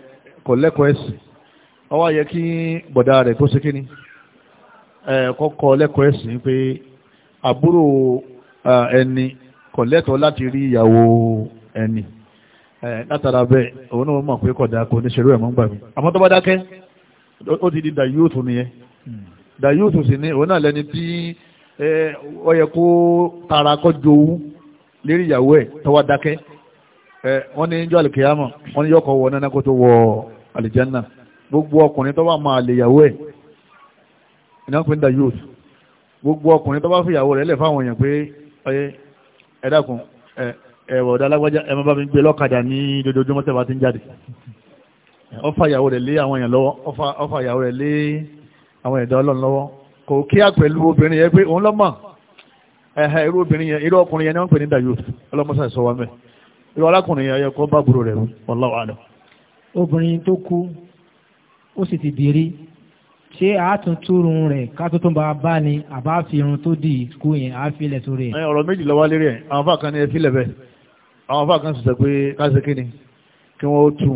S4: kò lẹ́kọ̀ọ́ ẹ̀sìn wọ́n yẹ kí bọ̀dá rẹ̀ kó ṣe kíni kọ́kọ́ lẹ́kọ̀ọ́ ẹ̀sìn pé àbúrò ẹni kò lẹ́tọ̀ọ́ láti rí ìyàwó ẹni látara bẹ́ẹ̀ òun náà mọ̀ pé kọ̀dà kò ní ṣerú ń àmọ́ tó bá dákẹ́ ó ti di dayúùtù nìyẹn hmm. dayúùtù sì ó yẹ kó tara kọ́ jowú lérí ìyàwó ẹ̀ tọ́wọ́ dákẹ́ wọ́n ní jọ́ àlìkìyàmọ̀ wọ́n ní yọkọ̀ wọ nánà kó tó wọ gbogbo ọkùnrin tó ma lè yàwó iná gbogbo ọkùnrin tó fi ìyàwó rẹ̀ fáwọn èèyàn pé ọyẹ ẹ alágbájá ẹ má bá mi gbé ní ti ń jáde ọfà ìyàwó lé àwọn èèyàn ọfà ìyàwó kò kíá pẹ̀lú obìnrin yẹn pé òun lọ́mọ̀ ẹ̀hẹ̀ irú obìnrin yẹn irú ọkùnrin yẹn ni wọ́n pè ní dayo ọlọ́mọsá ìsọ wa mẹ́ irú alákùnrin yẹn yẹ kó bá gbúrò rẹ̀ wallahu a'lam. obìnrin tó kú
S5: ó sì ti dèrè ṣé àtúntúrun rẹ̀ kátó tó bá bá ni àbá fi irun tó dì kú yẹn á fi ilẹ̀ sórí
S4: ẹ̀. ọ̀rọ̀ méjì lọ́wọ́ lérí ẹ̀ àwọn fáà kan ní ẹ fi àwọn fáà kan sọ̀tẹ̀ pé káṣe kí ni kí wọ́n tú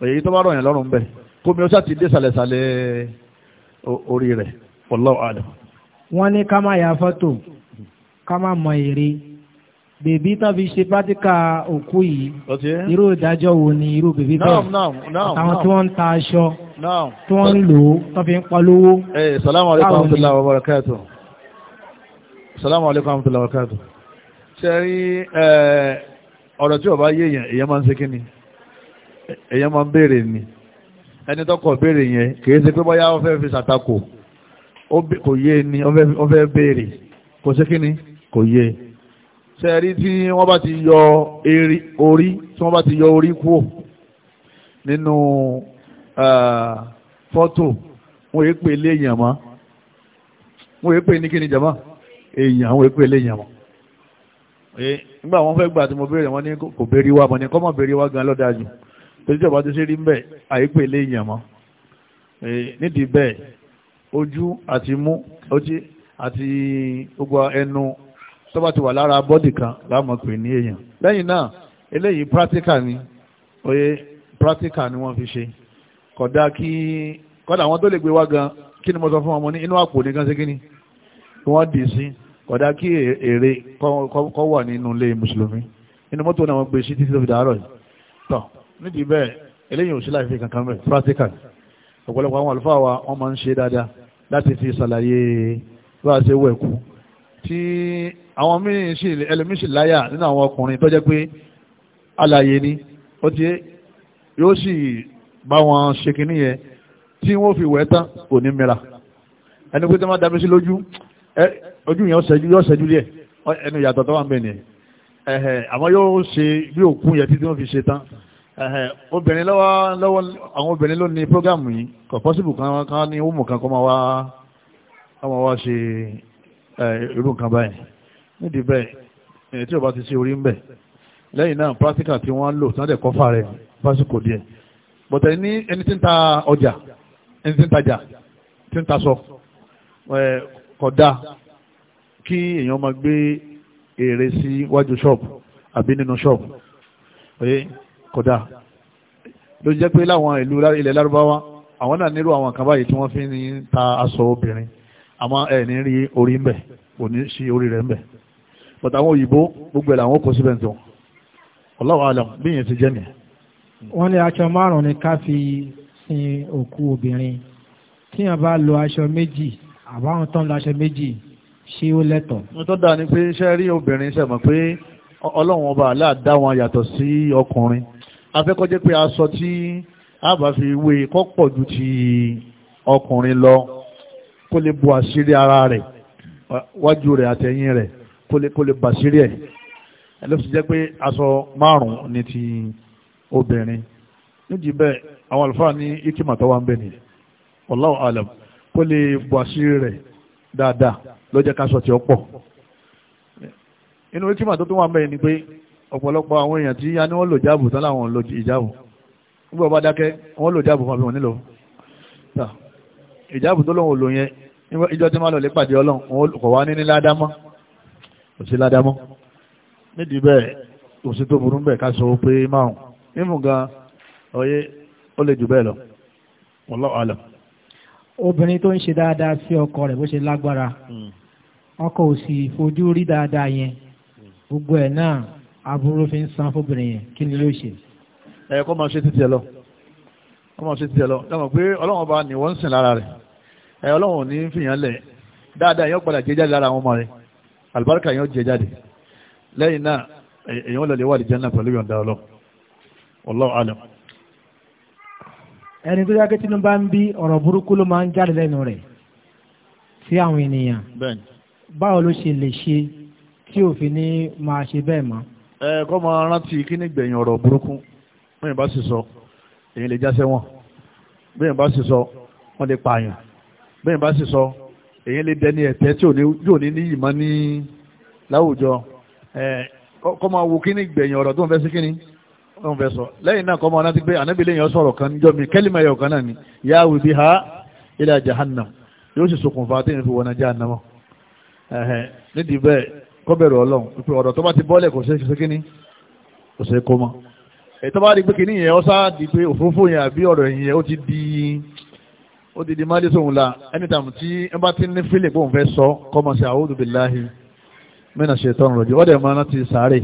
S4: òye yìí tó bá rọ̀ yẹn lọ́rùn bẹ̀ kómi ó sá dé sàlẹ̀sàlẹ̀ orí rẹ̀ wallahu a'lam. wọ́n ní ká
S5: máa ya fọ́tò ká máa mọ èrè bèbí tó fi ṣe pátíkà òkú yìí irú ìdájọ́ wo ni irú bèbí bẹ́ẹ̀
S4: àtàwọn tí wọ́n ń ta aṣọ tí wọ́n ń lò ó tó fi ń polówó. Eh, salamu alaykum rahmatulahi wa barakatu salamu alaykum rahmatulahi wa barakatu. ṣe rí ọ̀rọ̀ tí ọba yéèyàn èèyàn máa ń ṣe kí ni èèyàn máa ń béèrè ni ẹni tó béèrè yẹn kì í ṣe pé bóyá fẹ́ fi ṣàtakò kò yé ni ó fẹ́ béèrè kò sí kíni kò yé sẹ́ẹ̀rí tí wọ́n bá ti yọ orí tí wọ́n bá ti yọ orí kúrò nínú fọ́tò wọ́n yé pé ilé èèyàn mọ́ wọ́n yé pé ní kíni jàmọ́ èèyàn wọ́n yé pé ilé mọ́ nígbà wọ́n fẹ́ gbà tí mo béèrè wọ́n ní kò béèrè wá mọ́ ní kọ́mọ̀ béèrè wá gan lọ́dájú torí tí ọba ti ṣe rí ń bẹ̀ àyípè mọ́ nídìí bẹ́ẹ̀ ojú àti mú ojú àti gbogbo ẹnu tó bá ti wà lára bọ́dì kan láàmọ̀ pè ní èèyàn lẹ́yìn náà eléyìí practical ni oye practical ni wọ́n fi ṣe kódà kí kódà àwọn tó lè gbé wá gan kí ni mo sọ fún ọmọ ní inú àpò nìkan ṣe kíni kí wọ́n dì sí kódà kí èrè kọ́ wà nínú ilé mùsùlùmí inú mọ́tò náà wọ́n gbé sí títí tó fi dàárọ̀ yìí tọ́ nídìí bẹ́ẹ̀ eléyìí ò sí láìfi kankan bẹ́ẹ̀ practical ọ̀pọ̀lọpọ̀ àwọn àlùfáà wa wọ́n máa ń ṣe dáadáa láti fi ṣàlàyé bá a ṣe wẹ̀ kú tí àwọn míì sì ẹlòmíì sì láyà nínú àwọn ọkùnrin tó jẹ́ pé alàyè ni ó ti yóò sì bá wọn ṣe kínní yẹn tí wọ́n fi wẹ̀ tán kò ní mìíràn ẹni pé tí wọ́n dami sí lójú ojú yẹn ṣẹ́jú yóò ṣẹ́jú díẹ̀ ẹnu ìyàtọ̀ tó wà ń bẹ̀ nìyẹn àmọ́ yóò ṣe bí òkú yẹn títí wọ́n fi ṣe tán obìnrin lọ́wọ́ lọ́wọ́ àwọn obìnrin ló ní prógámù yìí kò pọ́sìbù kan kan ní wúmù kan kọ́ máa wá ọmọ wá ṣe irú nǹkan báyìí nídìí bẹ́ẹ̀ tí o bá ti ṣe orí ń bẹ̀ lẹ́yìn náà practical tí wọ́n ń lò tán dẹ̀ kọ́fà rẹ̀ fásitì díẹ̀ bọ̀tẹ̀ ní ẹni tí ń ta ọjà ẹni tí ń tajà tí ń taṣọ kódà kí èèyàn máa gbé èrè sí wájú ṣọ́ọ̀bù àbí nínú ṣọ́ọ̀bù kódà ló jẹ́ pé láwọn ìlú ilẹ̀ lárúbáwá àwọn náà nílò àwọn kan báyìí tí wọ́n fi ń ta aṣọ obìnrin àmọ́ ẹ̀ ní rí orí ń bẹ̀ kò ní sí orí rẹ̀ ń bẹ̀ bọ̀tà àwọn òyìnbó gbogbo ẹ̀ làwọn kò síbẹ̀ tiwọn Allahu alam bí yẹn ti jẹ́ nìyẹn.
S5: wọ́n lé aṣọ márùn-ún ni ká fi sin òkú obìnrin tíyàn bá lo aṣọ méjì àbáwọn tán lo aṣọ méjì ṣé ó lẹ́tọ̀ọ́.
S4: mo tó dáa ni pé iṣẹ́ rí obìnrin ṣe mọ̀ pé ọlọ́run ọba aláàdá wọn yàtọ̀ sí ọkùnrin afẹ́kọ́jẹ́ pé aṣọ tí a bá fi wé e kọ́ pọ̀ ju ti ọkùnrin lọ kó lè bu àṣírí ara rẹ̀ wájú rẹ̀ àtẹ̀yìn rẹ̀ kó lè bàṣírí ẹ̀ ẹlẹ́sì jẹ́ pé aṣọ márùn-ún ni ti obìnrin nídìí bẹ́ẹ̀ àwọn àlùfáà ní ikima tó wà ń bẹ̀ ni wallahu alam kó lè bu àṣírí rẹ̀ dáadáa ló
S2: jẹ́ tí ó pọ̀
S4: inú ikima tó tún wà ń bẹ̀ ni pé ọ̀pọ̀lọpọ̀ àwọn èèyàn tí a ní wọ́n lò jáàbù tán láwọn lò ìjáàbù nígbà bá dákẹ́ wọ́n lò jáàbù fún àbíwọ̀n nílò ìjáàbù tó lóun ò lò yẹn ìjọ tí máa lọ lè pàdé ọlọ́run kò wá ní ní ládámọ́ kò sí ládámọ́ nídìí bẹ́ẹ̀ kò sí tó burú bẹ́ẹ̀ ká sọ pé márùn nímú gan ọyẹ
S5: ó hmm. fojú rí dáadáa yẹn hmm. gbogbo ẹ̀ náà aburú fi ń san fóbìnrin yẹn kí ni yóò ṣe.
S4: ẹ kọ́ máa ṣe títí ẹ lọ kọ́ máa ṣe títí ẹ lọ dáhùn pé ọlọ́run ọba ni wọ́n ń sìn lára rẹ̀ ẹ ọlọ́run ò ní fìyàn lẹ̀ dáadáa yóò padà jẹ jáde lára àwọn ọmọ rẹ̀ àlùbáríkà yóò jẹ jáde lẹ́yìn náà èèyàn lọ lè wà lìjẹ́ náà pẹ̀lú yọ̀ǹda ọlọ́run wallahu alam. ẹni tó yàgé tínú
S5: bá ń bí ọ̀rọ̀ burúkú ló máa ń jáde lẹ́nu rẹ̀ sí àwọn ènìyàn báwo ló ṣe lè ṣe tí òfin ní máa ṣe bẹ́ẹ̀ mọ́
S4: ẹ kọ́ máa rántí kí ní gbẹ̀yìn ọ̀rọ̀ burúkú bẹ́ẹ̀ bá sì sọ èyí lè jáṣẹ́ wọn bẹ́ẹ̀ bá sì sọ wọ́n lè pààyàn bẹ́ẹ̀ bá sì sọ èyí lè dẹni ẹ̀tẹ́ tí yóò ní ní ìmọ̀ ní láwùjọ ẹ kọ́ máa wo kí ní gbẹ̀yìn ọ̀rọ̀ tó ń fẹ́ sí kí ni tó ń fẹ́ sọ lẹ́yìn náà kọ́ máa rántí pé ànábì lè yàn sọ̀rọ̀ kan níjọ́ mi kẹ́lí mẹ́yọ̀ kan náà ni yá wì bí ha ila jahannam yóò sì ṣokùnfà tí kó bẹ̀rù ọlọ́run pípẹ́ ọ̀dọ̀ tó bá ti bọ́lẹ̀ kò ṣe é ṣe kíní kò ṣe é kó mọ́ ètò bá rí pé kìíní yẹn ọ́sá di pé òfófó yẹn àbí ọ̀rọ̀ yẹn ó ti di ó ti di má lé sóhun la anytime tí ẹ bá ti ní fílẹ̀ bóun fẹ́ sọ kọ́mọ sí a'udhu billahi minash shaitonir rajim ọ̀dẹ̀ máa ná ti sáré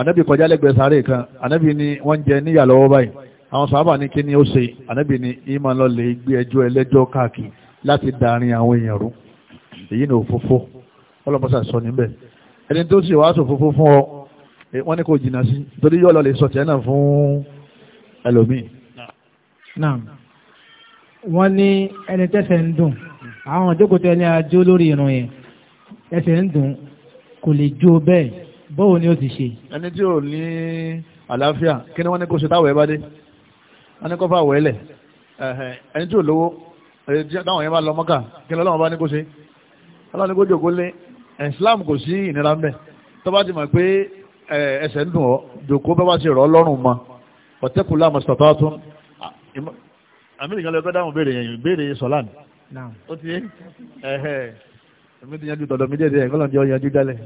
S4: ànábì kọjá lẹ́gbẹ̀ẹ́ sáré kan ànábì ni wọ́n ń jẹ níyà lọ́wọ́ báyìí àwọn sábà ní kí ni ó ṣe ànábì ni ìmọ̀ lọ lè gbé ẹjọ́ ẹlẹ́jọ́ káàkiri láti dàrin àwọn èèyàn rú èyí ni òfófó ọlọ́mọsà sọ níbẹ̀ ẹni tó sì wàásù funfun fún ọ eh, wọ́n ní kò jìnnà sí torí yóò lọ lè sọ tiẹ̀ náà fún ẹlòmíì. náà
S5: wọ́n ní ẹni tẹ́sẹ̀ ń dùn àwọn ìjókòtò ẹni ajó lórí irun yẹn ẹsẹ̀ ń dùn kò lè jó bẹ́ẹ̀ báwo ni ó ti ṣe.
S4: ẹni tí ò ní àlàáfíà kí ni wọ́n ní kó ṣe táwọn ẹ bá dé wọ́n ní kó fà wẹ́lẹ̀ ẹni tí ò lówó táwọn yẹn bá lọ mọ́kà kí ni ọlọ́run bá ní kó ṣe ọlọ́run ní kó jòkó lé Islam kò sí ìnira mẹ́ tó bá ti mọ̀ pé ẹsẹ̀ ń dùn ọ́ jòkó bá bá ma ọ̀tẹ́kùlá mọ̀sítọ̀tọ̀ tún àmìlì kan lè kọ́ dáhùn béèrè yẹn béèrè sọ̀lá ni ó ti ẹ̀hẹ́ èmi ti yanjú tọ̀dọ̀ mi dédé ẹ̀kọ́ lọ́nà yanjú dálẹ̀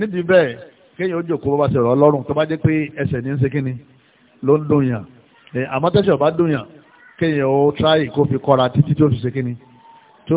S4: nídìí bẹ́ẹ̀ kéèyàn ó jòkó bá bá ti rọ̀ lọ́rùn tó bá jẹ́ pé ẹsẹ̀ ní ń kíni ló ń dùn yàn dùn yàn kéèyàn ó tráì kó fi kọ́ra títí tó fi kíni tó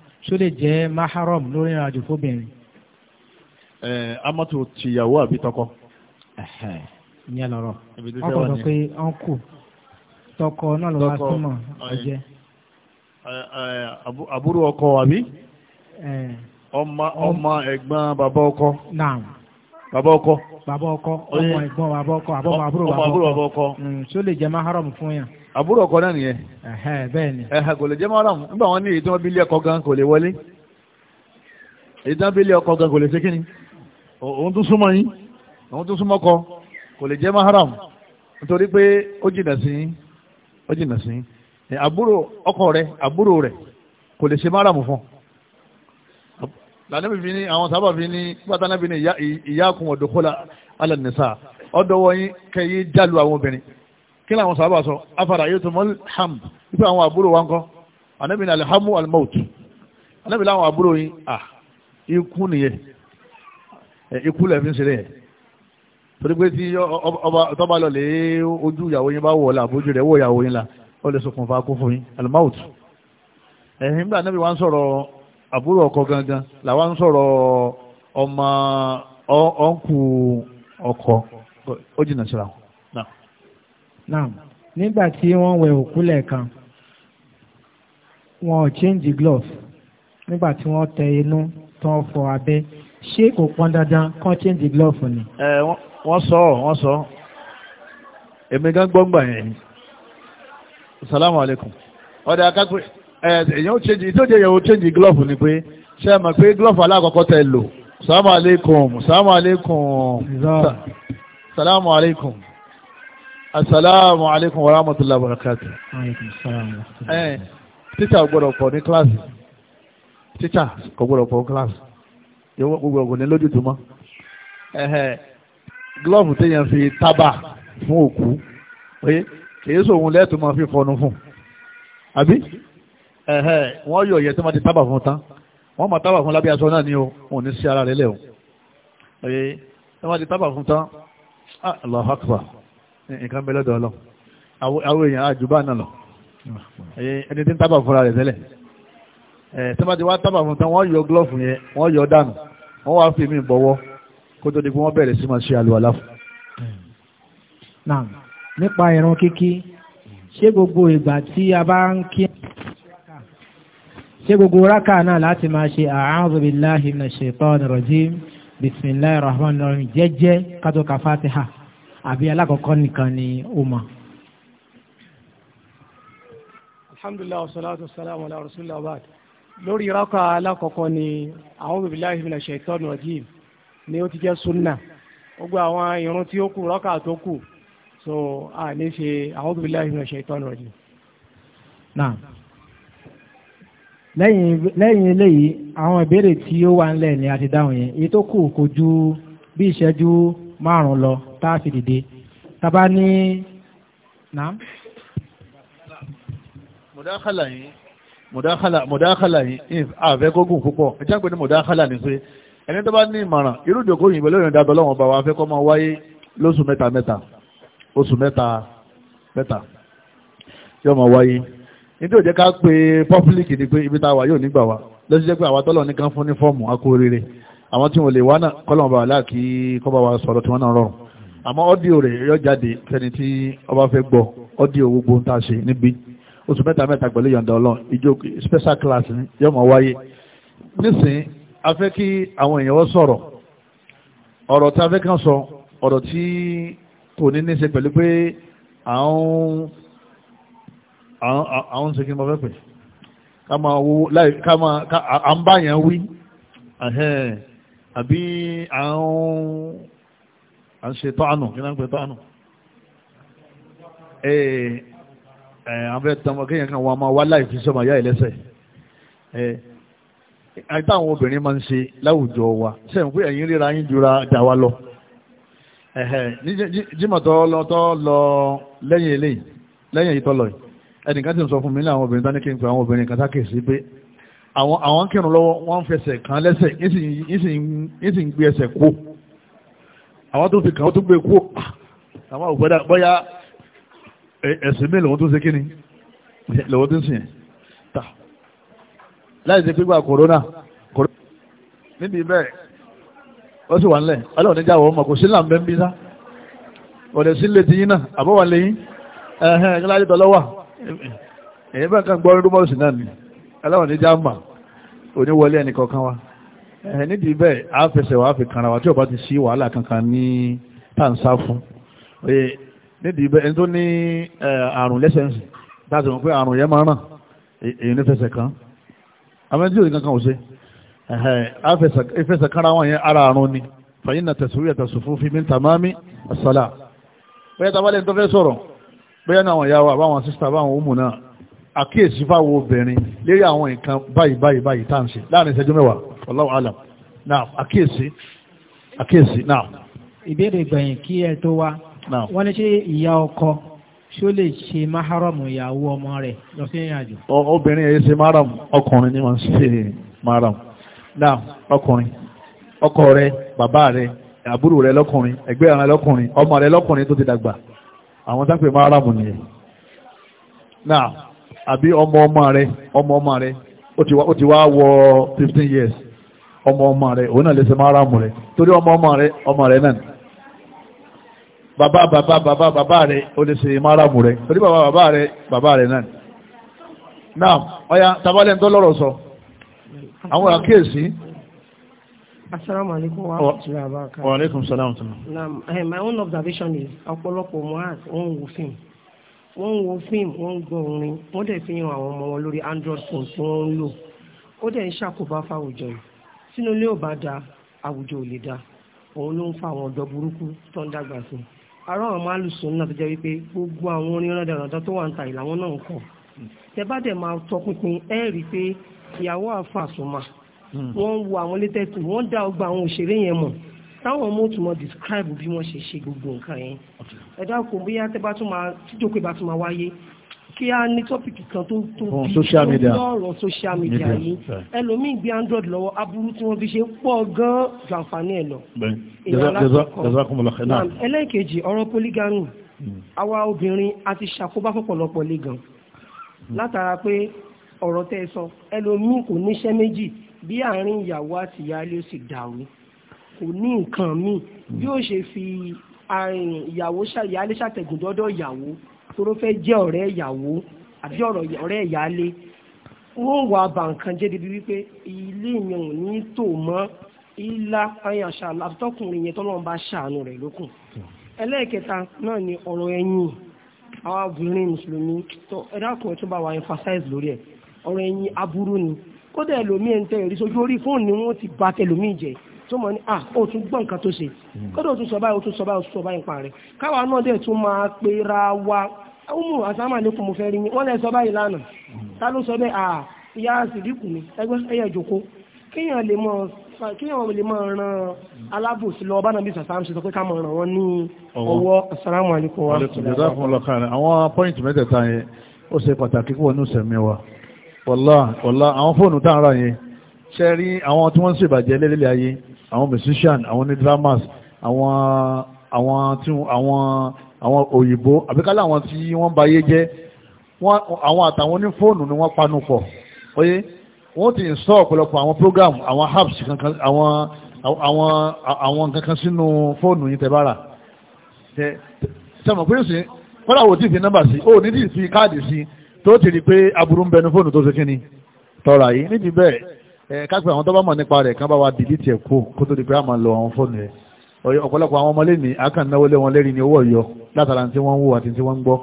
S5: ṣó lè jẹ́ maharam lórí ìrìn fóbìnrin.
S4: ẹ amọ́tò tìyàwó àbí tọkọ. ìyẹn lọ́rọ̀ wọ́n kọ́ sọ pé tọkọ náà ló máa ọjẹ́. àbúrò ọkọ àbí ọmọ bàbá ọkọ. náà. bàbá ọkọ. bàbá ọkọ ọmọ ẹ̀gbọ́n
S5: bàbá ọkọ àbọ̀ àbúrò bàbá
S4: ọkọ. Mm, ṣó lè jẹ́
S5: maharam fún yàn.
S4: àbúrò ọkọ náà nìyẹn. bẹ́ẹ̀ ni. kò lè jẹ́ maharam nígbà wọn ní èyí tí bí ilé ọkọ gan kò lè wọlé èyí tí bí ilé ọkọ gan kò lè ṣe òun tún súnmọ́ yín òun tún súnmọ́ kọ kò lè maharam nítorí pé ó jìnà sí ó jìnà sí àbúrò ọkọ àbúrò kò lè ṣe lànàbí fi ní àwọn sábà fi ní pátánàbí ní ìyákun ọ̀dọ̀kọ́lá alẹ́nisa ọdọ́wọ́ yín kẹyí jálu àwọn obìnrin kí làwọn sábà sọ afara yóò tó mọ́ ham wípé àwọn àbúrò wa ń kọ́ ànábì ní alhamu almout ànábì láwọn àbúrò yín à ikú nìyẹn ikú lẹ́ẹ̀fi ń ṣeré yẹn torí pé tí tọ́ba lọ lè ojú ìyàwó yín bá wọ̀ la àbójú rẹ̀ wọ̀ ìyàwó yín la ó lè àbúrò ọkọ gangan làwa ń sọ̀rọ̀ ọmọ ọ̀nkù ọkọ ó jìnnà síra wọn.
S5: náà nígbà tí wọ́n wẹ òkú lẹ́ẹ̀kan wọn ò change glove nígbà tí wọ́n tẹ inú tán fọ abẹ́ ṣé kò pọn dandan kán change glove ni.
S4: ẹ wọ́n sọ wọ́n sọ èmi gan gbọ́ngbà yẹn salamu aleykum ọ̀dà akágbé èyàn change tí ó jẹ́ èyàn change glove ni pé ṣe mọ̀ pé glove alákọ̀ọ́kọ́ tẹ lò salamu alaikum salamu alaikum salamu alaikum assalamu alaikum wa rahmatullahi wa barakatuh ẹ̀ títà gbọ́dọ̀ pọ̀ ní kíláàsì títà kò gbọ́dọ̀ pọ̀ ní kíláàsì yóò gbogbo ọ̀gùn ní lójú tó mọ́ glove téèyàn fi tábà fún òkú pé kìí sóhun lẹ́tùmọ̀ fi fọnu fún àbí ẹ̀hẹ́ wọ́n yọ ìyẹ́ tó máa ti tábà fún tán wọ́n máa tábà fún lábẹ́ aṣọ náà ni o òun ní sí ara rẹ̀ lẹ́wọ̀n ẹ̀yẹ tó máa ti tábà fún tán ah, Allahu Akbar nǹkan bẹ́ẹ̀ lọ́dọ̀ ọlọ́ àwọn èèyàn àjùbá náà lọ ẹni tí ń tábà fúnra rẹ̀ tẹ́lẹ̀ ẹ̀ tó máa ti wá tábà fún tán wọ́n yọ glove yẹn wọ́n yọ dànù wọ́n wá fi mí bọ̀wọ́ kó tó di pé wọ́n bẹ̀rẹ̀ sí máa ṣe àlùwàlá fún.
S5: nípa ìran kíkí ṣé gbogbo ṣé gbogbo rákà náà láti máa ṣe a'udhu billahi minash shaitanir rajim bismillahir rahmanir rahim jẹ́jẹ́ kátó ka fatiha àbí alákọ̀ọ́kọ́ nìkan ni ó mọ̀. alhamdulilah wasalaatu wasalaamu ala rasulillah abad lórí rákà alákọ̀ọ́kọ́ ni a'udhu billahi minash shaitanir rajim ni ó ti jẹ́ sunna gbogbo àwọn irun tí ó kù rákà tó kù so a ní ṣe a'udhu billahi minash shaitanir rajim lẹ́yìn eléyìí àwọn ìbéèrè tí ó wà ńlẹ̀ ni a ti dáhùn yẹn èyí tó kù kò ju bí ìṣẹ́jú márùn-ún lọ tá a fi dìde tábà ní nàám.
S4: mùdákàlà yìí mùdákàlà mùdákàlà yìí àfẹ́ gógùn púpọ̀ ẹ̀jẹ̀ pé ní mùdákàlà ni pé ẹni tó bá ní ìmọ̀ràn irú ìjòkó yìí pẹ̀lú ìrìn dàgbọ́ lọ́wọ́ bá wa fẹ́ kọ́ máa wáyé lóṣù mẹ́ta mẹ́ta oṣù mẹ́ta mẹ́ta yóò máa wáyé nítorí òjẹ́ ká pé pọ́pílìkì ni pé ibi tá a wà yóò nígbà wa lọ́sí jẹ́ pé àwọn tọ́lọ̀ nìkan fún ní fọ́ọ̀mù akóríire àwọn tí wọ́n lè wá náà kọ́lọ̀ bá aláàkí kọ́bá wa sọ̀rọ̀ tí wọ́n náà rọrùn àmọ́ ọ́díò rẹ̀ yọ jáde fẹ́ni tí ọba fẹ́ gbọ́ ọ́díò gbogbo ń tàṣe níbi oṣù mẹ́ta mẹ́ta pẹ̀lú yọ̀ǹda ọlọ́run ìjó special class ni yóò máa wáyé nísìn a fẹ́ kí àwọn èèyàn wọ́n àwọn ṣe mọ́ Kama pẹ̀ à ń wí àbí à ń ṣe kí náà ń pè tọ́ànù àbẹ́ kan máa wá láì fi yá ìlẹ́sẹ̀ àìtàwọn obìnrin máa ń ṣe láwùjọ wa sẹ́yìn pé ẹ̀yin ríra yín jura dáwà lọ jímọ̀tọ́ lọ lẹ́yìn eléyìí lẹ́yìn èyí yìí ẹnìkan tí ń sọ fún mi ní àwọn obìnrin táníkì ń pè àwọn obìnrin kan sákè sí pé àwọn kírun lọ́wọ́ wọ́n ń fẹsẹ̀ kan lẹ́sẹ̀ yín sì ń gbé ẹsẹ̀ kó àwọn tó fi kàn ó tó gbé e kó ah, àwọn òbẹ́dà bọ́yá ẹ̀sìn mi lòun tó ṣe kíni lòun tó ń sìn ta láì ṣe pípa kòrónà níbi bẹ́ẹ̀ ó sì wà ńlẹ̀ ọlọ́run níjà wọ́n mọ̀ kò sí làǹbẹ́ ń bí sá ọ̀dẹ̀ sí lè ti yín náà àbọ̀wà lè yín ẹ̀hẹ́n ẹ̀kẹ́lá èyí bá kan gbọ́ rúmọ́sì náà ni aláwọ̀ ní jáàmà oníwọlé ẹnì kọ̀ọ̀kan wa ẹ̀ nídìí bẹ́ẹ̀ á fẹsẹ̀ wàá fi kanra wa tí ò bá ti sí wàhálà kankan ní tàǹsá fún nídìí bẹ́ẹ̀ ẹni tó ní àrùn lẹ́sẹ̀nsì láti mọ̀ pé àrùn yẹn máa ràn e, èyí ní fẹsẹ̀ kan àmọ́ tí òní kankan ò ṣe ìfẹsẹ̀ e, kanra wọn yẹn ara àrùn ni fàyín na tẹ̀síwìyà tẹ̀sùfún fi mí tàmámi àṣàlà bẹ́ẹ̀ tabalẹ̀ ń tó fẹ́ sọ̀rọ̀ bóyá náà àwọn ìyá asista, àbáwọn sísá naa, òmù náà àkíyèsí wo obìnrin lérí àwọn nǹkan báyìí báyìí báyìí tá à ń ṣe láàrin ìṣẹ́jú mẹ́wàá wallahu alam náà àkíyèsí àkíyèsí náà. ìbéèrè gbẹ̀yìn kí
S5: ẹ tó wá wọ́n ní ṣe ìyá ọkọ ṣó lè ṣe máhárọ̀mù ìyàwó ọmọ rẹ̀ lọ sí ìrìn àjò.
S4: obìnrin yẹn ṣe máhárọ̀mù ọkùnrin ni wọ́n ṣe ọkọ rẹ bàbá rẹ àbúrò rẹ lọkùnrin ẹgbẹ́ rẹ lọkùnrin ọmọ rẹ lọkùnrin tó ti dàgbà àwọn tápè máa rámù nìyẹn náà àbí ọmọ ọmọ rẹ ọmọ ọmọ rẹ ó ti wá wọ fifteen years ọmọ ọmọ rẹ òun náà lè ṣe máa rámù rẹ torí ọmọ ọmọ rẹ ọmọ rẹ náà bàbá bàbá bàbá bàbá rẹ ó lè ṣe máa rámù rẹ torí bàbá bàbá rẹ bàbá rẹ náà náà ọya tabalẹ̀ ń tọ́ lọ́rọ̀ sọ àwọn àkíyèsí
S1: Assalamu alaikum wa rahmatullahi wa barakatuh. Wa alaikum salam wa rahmatullahi. Eh, my own observation is ọ̀pọ̀lọpọ̀ Mohbad wọ́n ń wo fíìmù. Wọ́n ń wo fíìmù, wọ́n ń gbọ́ orin, wọ́n dẹ̀ fi hàn àwọn ọmọ wọn lórí Android phone tí wọ́n ń lò. Ó dẹ̀ ń ṣàkóbá fáwùjọ yìí. Sínú ilé ò bá da, àwùjọ ò lè da. Òun ló ń fa àwọn ọ̀dọ́ burúkú tó ń dàgbà sí. Ará àwọn alùsùn náà tó jẹ́ wípé gbogbo àwọn orin rádaràdá tó wà ń ta ìlàwọ́n náà ń kọ̀. Tẹ bá dẹ̀ máa tọpinpin ẹ́ẹ̀rí pé ìyàwó àfàsùnmà Hmm. wọ́n wo àwọn latest wọ́n dá ọgbà àwọn òṣèré yẹn mọ̀ táwọn ọmọ òtún mọ describe bí wọ́n ṣe ṣe gbogbo nǹkan yẹn ẹ dákun bóyá tẹ́ bá tún máa tíjókòó bá tún máa wáyé kí a ní tọ́pìkì kan tó tó bí lọ́rọ̀ social media yìí ẹlòmíì gbé android lọ́wọ́ aburú tí wọ́n fi ṣe pọ̀ gan-an ju àǹfààní ẹ̀ lọ. ẹlẹ́ẹ̀kejì ọ̀rọ̀ polygamy hmm. àwa obìnrin a ti ṣàkóbá pọ̀pọ̀lọpọ̀ lé gan hmm. látara pé ọ̀rọ̀ tẹ́ ẹ sọ ẹlòmíì kò níṣẹ́ méjì bí àárín ìyàwó àti ìyáálé ó sì dàrú kò ní nǹkan míì bí ó ṣe fi ìyàwó ìyáálé ṣàtẹ̀gùn dọ́dọ̀ ìyàwó tóró fẹ́ jẹ́ ọ̀rẹ́ ìyàwó àbí ọ̀rẹ́ ìyáálé wọ́n wà bà nǹkan jẹ́ débi wípé ilé mi ò ní tò mọ́ ilá ayé àṣà àtọkùnrin yẹn tọ́lọ́run bá ṣàánú rẹ̀ lókun ẹlẹ́ẹ̀kẹta náà ni ọ̀rọ̀ ẹ̀yìn àwọn obìnrin mùsùlùmí tó ẹ̀dá kan tó bá wà emphasize lórí ẹ̀ ọ̀rọ̀ ẹ̀yìn aburú ni kódà ẹlòmíì ń tẹ ẹ̀rí sojú orí fóònù ni wọ́n ti ba tẹlòmíì jẹ tó mọ̀ ní à ó tún gbọ́ nǹkan tó ṣe kódà ó tún sọ báyìí ó tún sọ báyìí ó tún sọ báyìí pa rẹ̀ káwa náà dẹ̀ tún máa pera wa ọmọ asámàlékún mo fẹ́ rí yín wọ́n lẹ́ sọ báyìí lánàá ta ló sọ bẹ́ẹ̀ à ìyá sìdíkù mi ẹgbẹ́ ẹ̀yà ìjòkó kéèyàn lè mọ kéèyàn lè mọ ran alábòsí lọ bá nàbí sàtàm ṣe sọ pé ká mọ ràn wọn ní ọwọ́ asámàlékún wa.
S4: àwọn pọ́ìntì mẹ́tẹ̀ẹ̀ta yẹn ó ṣe pàtàkì púpọ̀ ní ìṣẹ̀mí wa wọ́lá wọ́lá àwọn fóònù tààrà yẹn ṣe rí àwọn tí wọ́n ń ṣèbàjẹ́ lélẹ́lẹ́ ayé àwọn musician àwọn ní dramas àwọn àwọn tí àwọn àwọn òyìnbó àbíkálẹ̀ àwọn tí wọ́n bá yé jẹ́ àwọn àtàwọn ní fóònù ni wọ́n panu pọ̀ oyé wọ́n ti install ọ̀pọ̀lọpọ̀ àwọn program àwọn apps kankan àwọn àwọn àwọn kankan sínú fóònù yìí tẹ́bára tẹ́ tẹ́ mọ̀ pé ó sì kọ́lá wo ti fi nọ́mbà sí ó ní ti fi káàdì sí tó ti rí pé aburú ń bẹnu fóònù tó ṣe kí ni tọ́ra yìí níbi bẹ́ẹ̀ ẹ kápẹ́ àwọn tó bá mọ̀ nípa rẹ̀ kán bá wa dìlítì ẹ̀ kó kó tó di pé a máa lo àwọn fóònù rẹ̀ ọ̀pọ̀lọpọ̀ àwọn ọmọlé ní akàn náwó lé wọn lérí ní owó ọ̀yọ́ látara tí wọ́n ń wò àti tí wọ́n ń gbọ́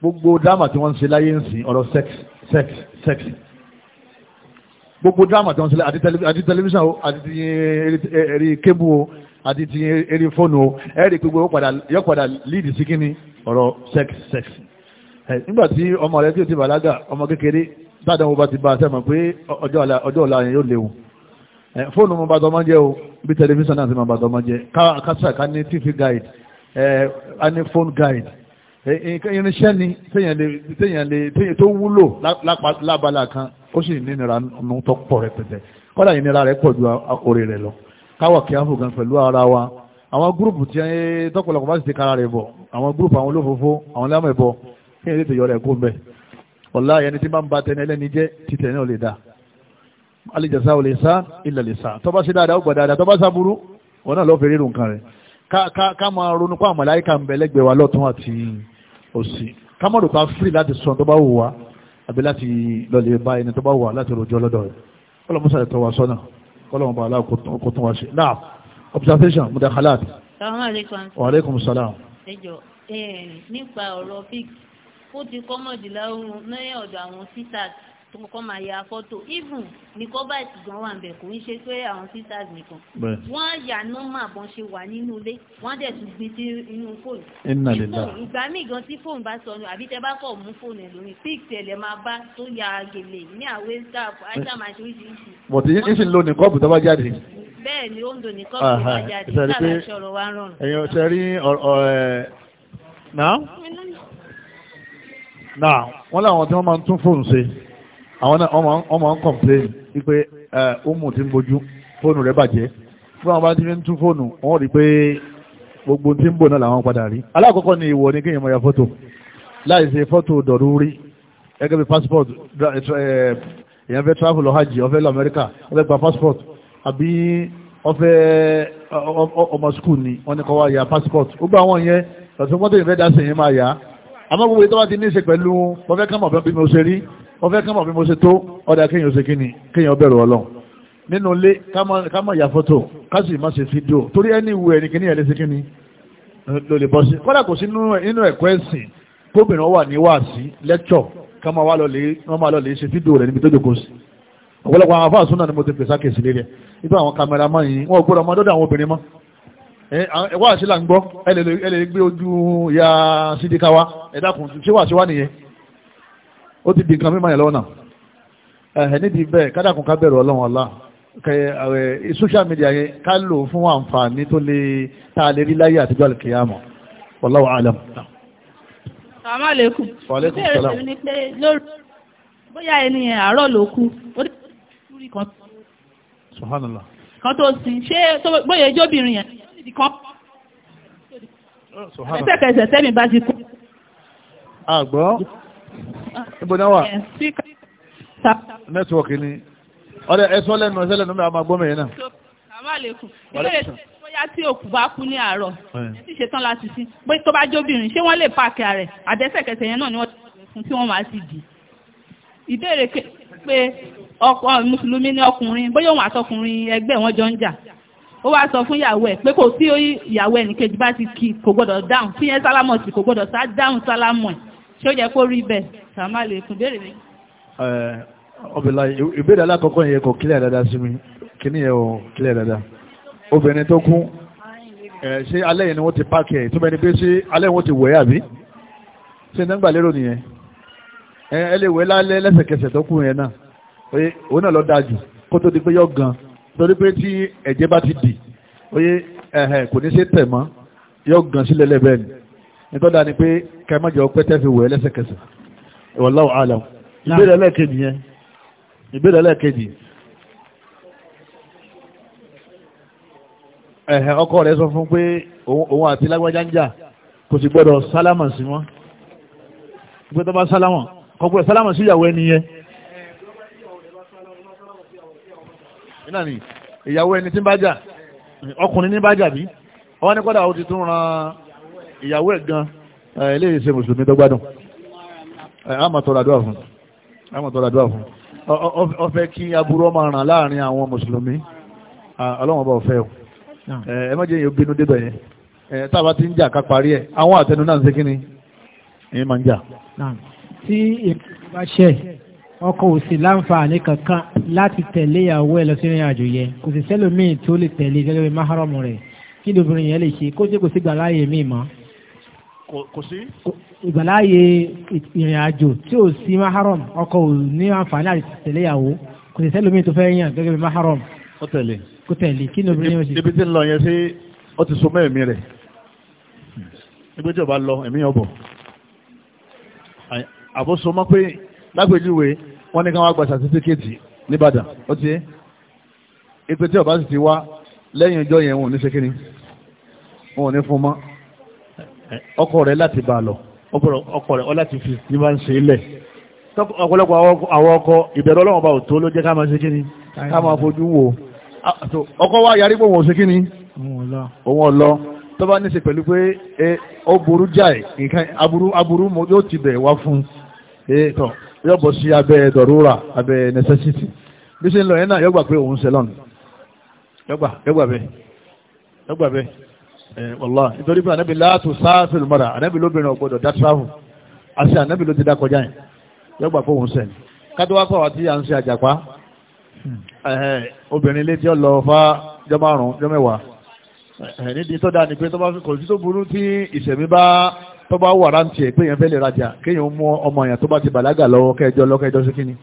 S4: gbogbo dáàmà tí wọ́n ń ṣe láyé ń sìn ọ̀rọ̀ sex sex sex gbogbo dáàmà tí wọ́n ń ṣe àti tẹlifíṣàn o àti eré kébù o àti eré fóònù o ẹ̀rí gbogbo yọ padà lead sí kíni ọ̀rọ̀ sex sex nígbàtí ọmọ rẹ̀ tí ó ti bàlágà ọmọ kékeré tádàn ọba ti bá sẹ́mọ̀ pé ọjọ́ ọ̀la yẹn yóò léwu fóònù mo bá tọmọ jẹ́ o bí tẹlifíṣàn náà ti máa bá tọmọ jẹ́ kásà ká ní tv guide a ní phone guide irinṣẹ́ ni téèyàn tó wúlò lábala kan ó sì nínira ọ̀nà tó pọ̀ rẹpẹtẹ kọ́dà ìnira rẹ̀ pọ̀ ju orí rẹ̀ lọ káwọ̀ kí á fò gan pẹ̀lú ara wa àwọn gúrùpù tí tọ́pọ̀lọpọ̀ bá sì ti kára rẹ̀ bọ̀ àwọn gúrùpù àwọn olófófó àwọn lámẹ̀bọ̀ kí ẹni tètè yọrọ ẹ̀ kó ń bẹ̀ ọ̀la ẹni tí bá ń ba tẹni ẹlẹ́ni jẹ́ títẹ̀ náà lè dá alìjẹsà ò lè sá ilẹ̀ lè sá tọ́ba sí dáadáa ó gbà dáadáa tọ́ba sá burú wọn náà lọ́ọ́ fi rírun kan rẹ̀ ká máa ronú pa màláíkà ń bẹ lẹ́gbẹ̀ẹ́ wa lọ́tún àti òsì ká mọ̀ lùpá fírì láti sọ tó wù wá àbí láti lọ́lẹ̀ bá ẹni tó wù wá láti rojọ́ lọ́dọ̀ rẹ̀ kọ́lọ́mùsà lè tọ́ wa sọ́nà kọ́lọ́mùbà aláàkó tún wa ṣe náà observation mudakhalat.
S3: salaam aleykum. wa aleykum salaam. ẹ jọ nípa ọ̀rọ̀ fíìkì ó ti kọ́mọ̀dì lọ́rùn ní ọ̀dọ̀ àwọn sisters tó kọ́kọ́ máa ya fọ́tò even ní kọ́bàtì gan wà bẹ̀ kò ń ṣe pé àwọn sisters nìkan wọ́n yà nọ́mà bọ́n ṣe wà nínú ilé wọ́n dẹ̀ tún gbé sí inú fóònù ìgbà míì gan tí fóònù bá sọnù àbí tẹ bá kọ̀ mú fóònù ẹ̀ lórí píìkì ẹ̀ lẹ̀ máa bá tó ya gèlè ní àwé staff àìsàn máa ṣe oríṣiríṣi.
S4: bọ̀dé yín sì na wọ́n láwọn tí wọ́n máa ń tún fóònù ṣe àwọn náà wọ́n máa ń kọ̀m̀pléyìn wípé ọmọ tí ń bojú fóònù rẹ̀ bàjẹ́ fún àwọn bá ti fi ń tún fóònù wọ́n rí pé gbogbo tí ń bò náà làwọn padà rí alákọ̀ọ́kọ́ ni ìwọ ni kéèyàn máa ya fọ́tò láì ṣe fọ́tò dọ̀rú rí gẹ́gẹ́ bí passport eh, eh, èèyàn fẹ́ travel lọ hajj ó fẹ́ lọ Amẹ́ríkà ó gba passport àbí ó fẹ́ ọmọ school ni wọ́n ní kó wá ya passport gbogbo àwọn yẹn tọ̀tún mọ́tò ìfẹ́ dá sí yẹn máa yá àmọ́ gbogbo ìtọ́wà ti ní í ṣe pẹ̀lú ọfẹ́ kánmọ̀ bí mo ṣe rí ọfẹ́ kánmọ̀ bí mo ṣe tó ọ̀dà kéèyàn ṣe kíni kéèyàn bẹ̀rù ọlọ́run nínú ilé kámọ̀ ya fọ́tò kásì má ṣe fídíò torí ẹni ìwú ẹni kíní ẹ̀lẹ́sì kíní ló lè bọ́ sí kọ́dà kò sí nínú ẹ̀kọ́ ẹ̀sìn tóbìnrin wà ní wáàsí lẹ́tọ̀ kámọ̀ wà lọ lè ṣe fídíò rẹ̀ níbi tó ni mo ti pèsè àkèsí lé rẹ̀ nígbà àwọn kamẹramá yìí wá sí là ń gbọ́ ẹ lè gbé ojú ya sídíkà wa ẹ dákun ṣé wà sí wà nìyẹn ó ti di nǹkan mímọ́ yẹn lọ́wọ́ náà ẹ̀ nídìí bẹ́ẹ̀ kádàkùn ká bẹ̀rù ọlọ́run ọ̀la kẹ social media yẹn ká lò fún àǹfààní tó lè tá a lè rí láyé àtijọ́ àlùkìyàmọ̀ wallahu alam.
S3: assalamu alaikum. wa alaikum salam. ìbéèrè mi ni pé lórí bóyá ẹni yẹn àárọ̀ ló kú ó dé lórí kan. subhanallah. kan tó sin ṣé bóyá ẹjọ́ yẹn ti kọ́.
S4: Oh, ẹsẹ̀kẹsẹ̀
S3: sẹ́mi bá ti kọ́.
S4: àgbọ̀ níbo náà wà nẹ́tíwọ̀kì ni ọdẹ ẹ̀sọ́ lẹ́nu ẹ̀sẹ́ lẹ́nu mi àwọn agbọ́mọ̀ yẹn náà.
S3: àmàlẹ́kùn ìbéèrè bóyá tí òkú bá kú ní àárọ̀ tí ṣetán láti sí pé tó bá jóbìnrin ṣé wọ́n lè páàkì rẹ̀ àdẹ́sẹ̀kẹsẹ̀ yẹn náà ni wọ́n ti fún tí wọ́n máa ti dì. ìbéèrè pé ọkọ mùsùlùmí ni ọkùnrin bóyá òun àtọkùnrin ẹgbẹ́ wọn jọ ń jà ó wá sọ fún ìyàwó ẹ̀ pé kò sí ìyàwó ẹnìkejì bá ti kí kò gbọ́dọ̀ dáhùn tí yẹn sálámọ̀ sí kò gbọ́dọ̀ sá dáhùn sálámọ̀ ẹ̀ ṣé ó yẹ kó rí bẹ́ẹ̀ sàmà lè kún béèrè mi.
S4: ọbìlà ìbéèrè alákọ̀ọ́kọ́ yẹn kò kílẹ̀ dáadáa sí mi kíní yẹn ò kílẹ̀ dáadáa obìnrin tó kún ṣé alẹ́ yẹn ni wọ́n ti páàkì ẹ̀ tó bẹ́ni pé ṣé alẹ́ wọ́n ti wẹ̀ àbí ṣé ní gbà lérò nìyẹn ẹ lè wẹ̀ torí pé tí ẹ̀jẹ̀ bá ti dì oyé ẹ̀hẹ̀ kò ní ṣe tẹ̀ mọ́ yóò gàn sílẹ̀ lẹ́bẹ̀ẹ́ ni nítọ́dá ni pé kẹmọ́jọ pé tẹ́fì wẹ̀ lẹ́sẹ̀kẹsẹ̀ wallahu alam ìbéèrè ẹlẹ́ẹ̀kejì yẹn ìbéèrè ẹlẹ́ẹ̀kejì ẹ̀hẹ̀ ọkọ rẹ̀ sọ fún pé òun àti lágbájá ń jà kò sì gbọ́dọ̀ sálámà sí wọn pé tó bá sálámà kọ́kọ́ sálámà sí ìyàwó ẹni yẹn iná ni ìyàwó ẹni tí ń bá jà ọkùnrin ní bá jà bí ọwọ́ ní kọ́dà ó ti tún ran ìyàwó ẹ̀ gan eléyìí ṣe mùsùlùmí tó gbádùn àmọ̀tọ́rọ̀ àdúrà fún àmọ̀tọ́rọ̀ àdúrà fún ó fẹ́ kí aburú ọmọ ràn láàrin àwọn mùsùlùmí ọlọ́wọ́n bá ọ̀fẹ́ o ẹ má jẹ́ yẹn bínú débẹ̀ yẹn táwa ti ń jà ká parí ẹ̀ àwọn àtẹnu náà ń ṣe kí ni èyí máa ń jà. tí èkó bá
S5: ṣẹ̀ ọkọ ò sì láǹfààní kankan láti tẹ̀lé ìyàwó ẹ̀ lọ sí àjò yẹn kò sì sẹ́lòmíì tó lè tẹ̀lé gẹ́gẹ́ bí máhárọ̀mù rẹ̀ kí ni obìnrin yẹn lè ṣe kó jẹ́ kò sí gbàláyè míì mọ́. kò sí. ìgbàláyè ìrìn àjò tí ò sí máhárọ̀mù ọkọ ò ní àǹfààní àti tẹ̀lé ìyàwó kò sì sẹ́lòmíì tó fẹ́ yàn gẹ́gẹ́ bí máhárọ̀mù.
S4: kó tẹ̀lé. ni obìnrin yẹn ṣe. ibi tí ń lọ yẹn sí ó ti so mẹ́ẹ̀mí rẹ̀ ibi tí ò bá lọ ẹ̀mí ọ̀bọ̀ àbó so lágbèjúwe wọ́n ní ká wá gba sàtífíkẹ́tì nìbàdàn ó ti yé ipe tí ọba sì ti wá lẹ́yìn ọjọ́ yẹn wọn ò ní ṣe kíni wọn ò ní fún mọ́ ọkọ rẹ̀ láti bá a lọ ọkọ rẹ̀ ọ láti fi ní bá ń ṣe ilẹ̀ ọ̀pọ̀lọpọ̀ àwọn ọkọ ìbẹ̀rù ọlọ́wọ́n bá ò tó ló jẹ́ ká máa ṣe kíni ká máa fojú wò ọkọ wa yarí pé òun ò ṣe kíni òun ò lọ tó bá ní ṣe pẹ̀lú pé e, ó burú jáì nǹkan aburú aburú yóò ti bẹ̀ wá fún un e, yóò bọ̀ sí abẹ́ dọ̀rúra abẹ́ necessity bí ṣe ń lọ yẹn náà yọ́gbà pé òun sẹlọ́n yọ́gbà yọ́gbà bẹ́ẹ̀ yọ́gbà bẹ́ẹ̀ ẹ̀ wọ́lá nítorí pé ànábì láàtò sáàfì lùmọ́ra ànábì lóbìnrin ọ̀gbọ́dọ̀ dá travel àti ànábì ló ti dá kọjá yẹn yọ́gbà pé òun sẹ́ni kádọ́wápọ̀ àti à ń ṣe àjàpá obìnrin ilé tí ó lọ fá jọ márùn-ún jọ mẹ́wàá nídìí tó dáa ni pé tó bá kò sí tó burú tí tó bá wà rántí ẹ̀ pé èèyàn fẹ́ lè rajà kéèyàn mú ọmọ èèyàn tó bá ti bàlágà lọ́wọ́ kẹjọ lọ kẹjọ sí kíni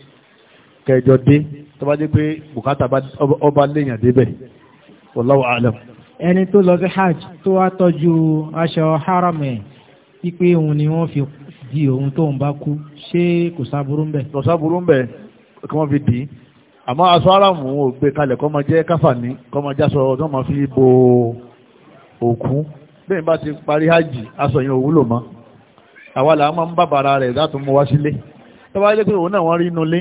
S4: kẹjọ dé tó bá dé pé bùkátà ọba léèyàn débẹ̀ wallahu alam. ẹni tó lọ sí hajj tó wá tọ́jú aṣọ
S5: haram ẹ̀ wípé òun ni wọ́n fi di òun tó ń bá kú ṣé kò sáburú ń bẹ̀.
S4: kò sáburú ń bẹ̀ kí wọ́n fi dì í àmọ́ aṣọ haram ò gbé kalẹ̀ kó máa bo òkú bẹ́ẹ̀ bá ti parí hajj aṣọ yẹn òwúlò mọ́ àwa là máa ń bá bàrà rẹ̀ láti mú wá sílé tó bá yẹ pé òun náà wọ́n rí inú lé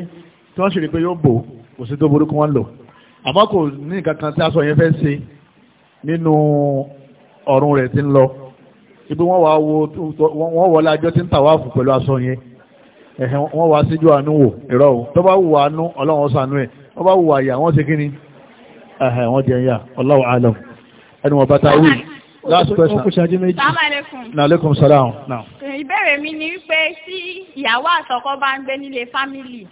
S4: tí wọ́n sì rí pé yóò bò kò sí tó burúkú wọn lò àmọ́ kò ní nǹkan kan tí aṣọ fẹ́ ṣe nínú ọ̀run rẹ̀ ti ń lọ ibi wọ́n wá wo wọ́n wọlé ajọ́ tí ń tàwáàfù pẹ̀lú aṣọ yẹn wọ́n wá síjú àánú wò ìrọ̀ o tó bá wù àánú ọlọ́run ṣàánú ẹ̀ tó bá wù àyà wọ́n ṣe kí ni ẹ̀hẹ̀ wọ́n jẹ́ yà Allahu alam ẹnu wọn bá ta wíì Last question.
S3: Na alaikum salaam. Ìbéèrè mi ni wípé tí ìyàwó àtọkọ bá ń gbé nílé fámìlì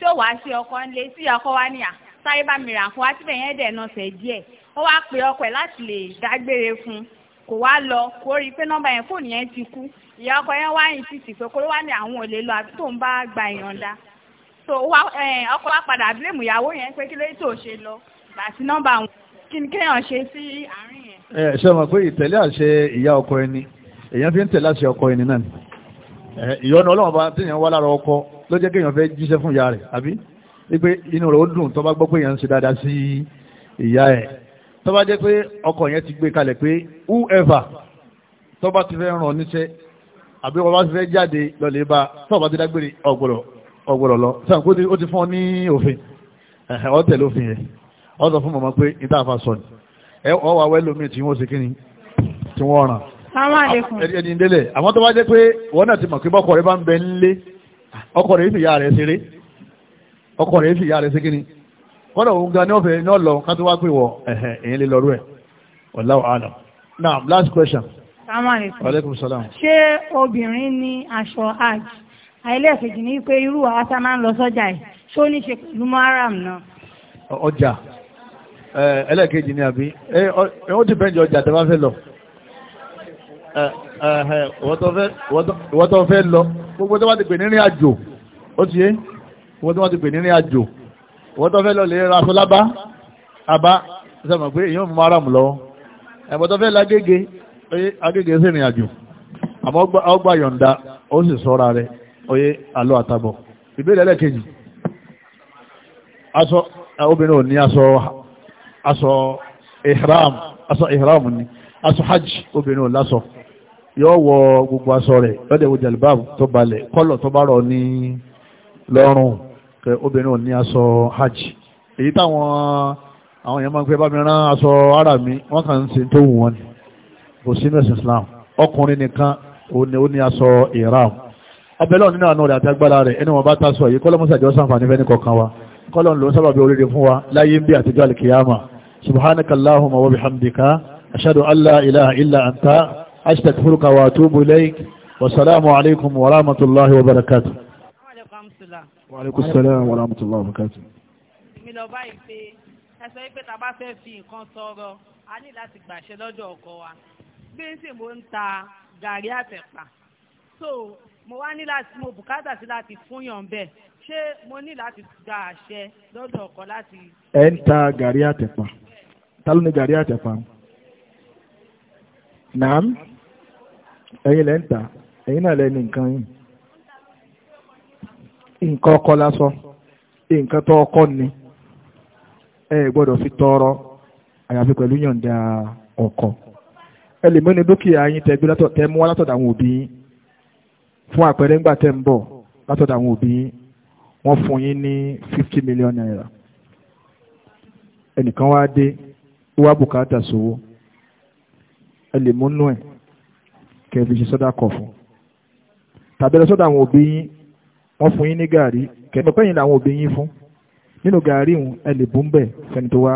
S3: tí ó wá sí ọkọ nílé tí ọkọ wá ní àsáyé bá mìíràn fún wa tí bẹ̀yẹn dẹ̀ náà fẹ̀ díẹ̀. Ó wá pe ọkọ ẹ̀ láti lè dágbére fún. Kò wá lọ kó rí i pé nọ́mbà yẹn fóònù yẹn ti kú. Ìyá ọkọ yẹn wá yìí títì pé kó wá ní àwọn òlè lọ àbí tóun bá gba ìyọ̀nda. So ọkọ wa padà bílẹ̀mù ìyàwó yẹn pé kí ló tó ṣe lọ. Bàtí nọ́mbà wọn kí ni kéèyàn ṣe sí àárín
S4: ṣe mọ̀ pé ìtẹ̀lé àṣẹ ìyá ọkọ ẹni èyàn fi ń tẹ̀lé àṣẹ ọkọ ẹni náà ìyọ́nà ọlọ́run bá téèyàn wá lára ọkọ ló jẹ́ kéèyàn fẹ́ jíṣẹ́ fún ìyá rẹ̀ àbí wípé inú rẹ̀ ó dùn tó bá gbọ́ pé èèyàn ń ṣe dáadáa sí ìyá ẹ̀ tó bá jẹ́ pé ọkọ yẹn ti gbé kalẹ̀ pé whoever ọwà wẹ́lómi tí wọ́n ṣe kí tí wọ́n
S3: ràn
S4: ẹni àwọn tó jẹ́ pé wọ́n náà ti mọ̀ pé bọ́kọ̀ rẹ̀ bá ń bẹ nílé ọkọ rẹ̀ fìyà rẹ̀ ṣeré ọkọ rẹ̀ fìyà rẹ̀ ṣe kí ni kọ́dọ̀ òun ga ní ọ̀fẹ́ ní ọ̀lọ́ ká tó wá pè wọ ẹ̀hẹ̀ ẹ̀ now last question. ẹlẹ́ẹ̀kejì ni àbí ó ti ọjà fẹ́ lọ ìwọ́n tó fẹ́ lọ gbogbo tó ti pè àjò ó ti yé gbogbo tó ti pè àjò tó fẹ́ lọ lè ra lábá àbá sọmọ pé mú ara mú lọ́wọ́ tó fẹ́ lágége agége sí àjò àmọ́ ọgbà yọ̀ǹda ó sì sọ́ra asọ ihram aṣọ ihram ni asọ hajj obìnrin ò lásọ yóò wọ gbogbo asọ rẹ lọ́dẹ̀ wo jalibab tó balẹ̀ kọ́lọ̀ tó bá rọ̀ ní lọ́rùn kẹ obìnrin ò ní aṣọ hajj èyí táwọn àwọn èèyàn máa ń pẹ́ bá mi rán aṣọ ara mi wọ́n kàn ń tó wù wọ́n ni kò Islam ọkùnrin nìkan ó ní aṣọ ihram nínú rẹ̀ àti agbára rẹ̀ ẹni wọn bá yìí kan wa kọ́lọ̀n ló sábàbí oríire fún wa láyé bí àtijọ́ alkiyama subhanaka allahumma wa bihamdika ashhadu an la ilaha illa anta astaghfiruka wa atubu ilaik wa salamu alaikum wa rahmatullahi wa barakatuh
S1: mo wá ní láti mo bùkátà sí láti fúnyàn bẹ́ẹ̀ ṣé mo ní láti gba àṣẹ lọ́dọ̀ ọkọ láti.
S2: ẹ ń ta gàrí àtẹ̀pà ta ló ní gàrí àtẹ̀pà naam ẹ̀yin lẹ́ ń ta ẹ̀yin náà lẹ́ ní nǹkan yìí nǹkan ọkọ lásán nǹkan tó ọkọ ni ẹ gbọ́dọ̀ fi tọrọ àyàfi pẹ̀lú yọ̀ǹda ọkọ ẹ lè mú ní dúkìá yín tẹ gbé látọ̀ tẹ mú wá látọ̀dọ̀ àwọn òbí yín fún àpẹẹrẹ ńgbà tẹ ń bọ̀ látọ̀dọ̀ àwọn òbí yín wọ́n fún yín ní fifty million naira ẹnìkan wá dé wá bùkátà sówó ẹ lè múnú ẹ̀ kẹ́ fi ṣe sọ́dà kọ̀ fún tàbí ẹ lọ sọ́dọ̀ àwọn òbí yín wọ́n fún yín ní gàrí kẹ́mọ̀ pẹ́yìn làwọn òbí yín fún nínú gàrí ìhùn ẹ lè bú ń bẹ̀ fẹ́ni tó wá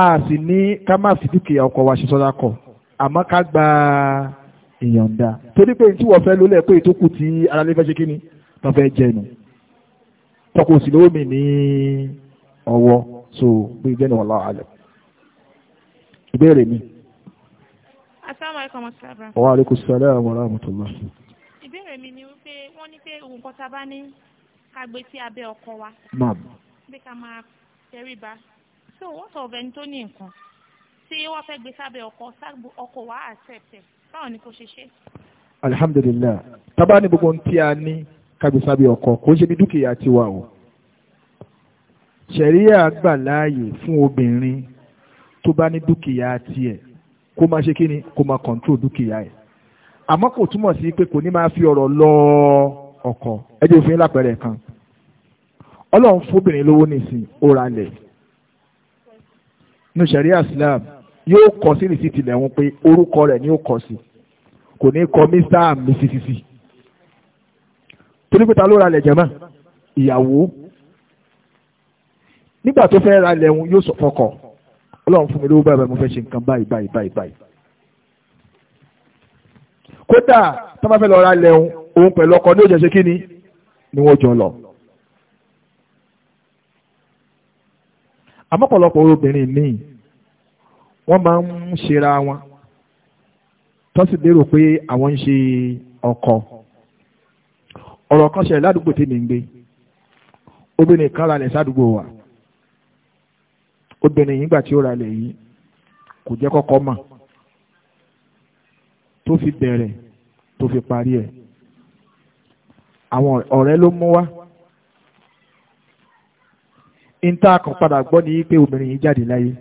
S2: a sì ní ká má fi dúkìá ọkọ̀ wa ṣe sọ́dà kọ̀ àmọ́ ká gba ìyọ̀ǹda torí pé tí wọ́n fẹ́ lólẹ̀ pé ìtókù tí aráàlú fẹ́ ṣe kí ni wọ́n fẹ́ jẹ nù tọkọ sí lówó mi ní ọwọ́ so bí ìjẹ́ ni wọ́n alẹ́ ìbéèrè mi.
S3: asalaamualeykum asalaam. wa aleykum
S2: salaam
S3: ìbéèrè mi ni wípé wọ́n ní pé òun kọ́ta bá ní ká gbé sí abẹ́ ọkọ wa. bí ká máa tẹríba so wọ́n sọ ọ̀bẹ ní tó ní nǹkan tí wọ́n fẹ́ gbé sábẹ́ ọkọ sábẹ́ ọkọ wa accept báwo ni kò ṣe ṣe.
S2: alhamdulilayi tábà gbogbo ohun a ní kábísábí ọkọ kò ṣe ní dúkìá tiwa o ṣẹ̀ríyà gbà láàyè fún obìnrin tó bá ní dúkìá tiẹ̀ kó máa ṣe kíni kó máa kọ̀ǹtró dúkìá ẹ̀ àmọ́ kò túmọ̀ sí pé kò ní máa fi ọ̀rọ̀ lọ ọkọ ẹ òfin lápẹ̀rẹ̀ kan ọlọ́run fóbìnrin lówó nìsín ó lẹ̀ nínú ṣẹ̀ríyà Islam yóò kọ sí rìsíìtì lẹ́wọ̀n pé orúkọ rẹ̀ ni ó kọ sí kò ní kọ mr and mrs torí pé ta ló ra lẹ̀ jẹ́ mọ́ ìyàwó nígbà tó fẹ́ ra lẹ́hun yóò sọ fọkọ ọlọ́run fún mi lówó báyìí mo fẹ́ ṣe nǹkan báyìí báyìí báyìí báyìí kódà tó bá fẹ́ lọ ra lẹ́hun òun pẹ̀lú ọkọ ní òjẹ̀ṣe kíni ni wọ́n jọ lọ. àmọ́pọ̀lọpọ̀ obìnrin míì wọ́n máa ń ṣera wọn tó sì lérò pé àwọn ń ṣe ọkọ ọ̀rọ̀ kan ṣẹlẹ̀ ládùúgbò tí mi ń gbé obìnrin kan ralẹ̀ sádùúgbò wa obìnrin yìí gbà tí ó ralẹ̀ yìí kò jẹ́ kọ́kọ́ mọ̀ tó fi bẹ̀rẹ̀ tó fi parí ẹ̀ àwọn ọ̀rẹ́ ló mú wá níta kan padà gbọ́ ní pé obìnrin yìí jáde láyé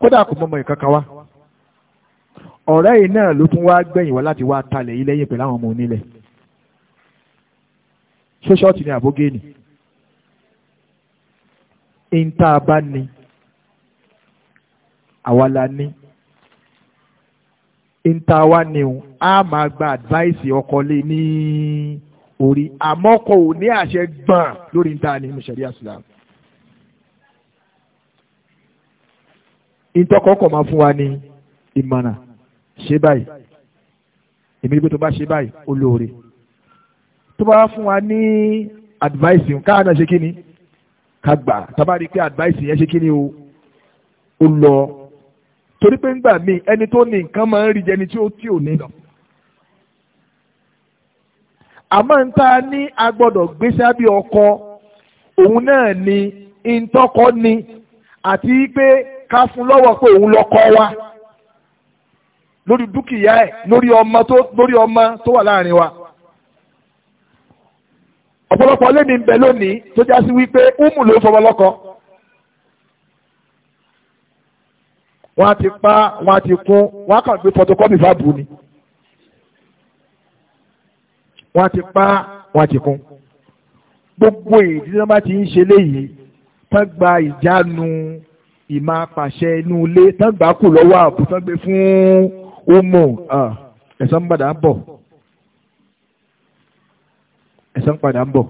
S2: kódà kò mọ̀mọ́ ìkankan wá ọ̀rẹ́ yìí náà ló tún wá gbẹ̀yìn wá láti wá talẹ̀ yìí lẹ́yìn pẹ̀lú àwọn ọmọ onílẹ̀ ṣé ṣọ́ọ̀tì ni àbógé ni ń tá a bá ní àwa la ní ń tá a wá ní o á máa gba advice ọkọ lé ní orí àmọ́ kò ní àṣẹ gbọ̀n lórí ń ní nínú sẹ̀ríà Islam. máa fún wa ní ìmọ̀ràn ṣe báyìí èmi rí pé tó bá ṣe báyìí ó lóore tó bá fún wa ní advice ká náà ṣe kí ni ká gbà tá bá rí pé advice yẹn ṣe kí ni o ó lọ torí pé ńgbà míì ẹni tó ní nǹkan máa ń rí jẹni tí ó tí ò ní lọ àmọ́ ń tá ní a gbọ́dọ̀ gbé ọkọ òun náà ni ìtọ́kọ ni àti pé ká fún lọ́wọ́ pé òun lọ́kọ wa lórí dúkìá ẹ̀ lórí ọmọ tó lórí ọmọ tó wà láàrin wa. ọ̀pọ̀lọpọ̀ lẹ́ni ń bẹ lónìí tó já sí wípé umu ló fọwọ́ lọ́kọ. wọ́n á ti pa wọ́n á ti kún wọ́n á kàn gbé photocopy fáàbù ni. wọ́n á ti pa wọ́n á ti kún. gbogbo èdè náà bá ti ń ṣe léyìí tán gba ìjánu ìmọ̀ apàṣẹ inú ilé tán gbà kù lọ́wọ́ ààbò gbé fún umu ah, ẹ̀san padà ń bọ̀ ẹ̀san padà ń bọ̀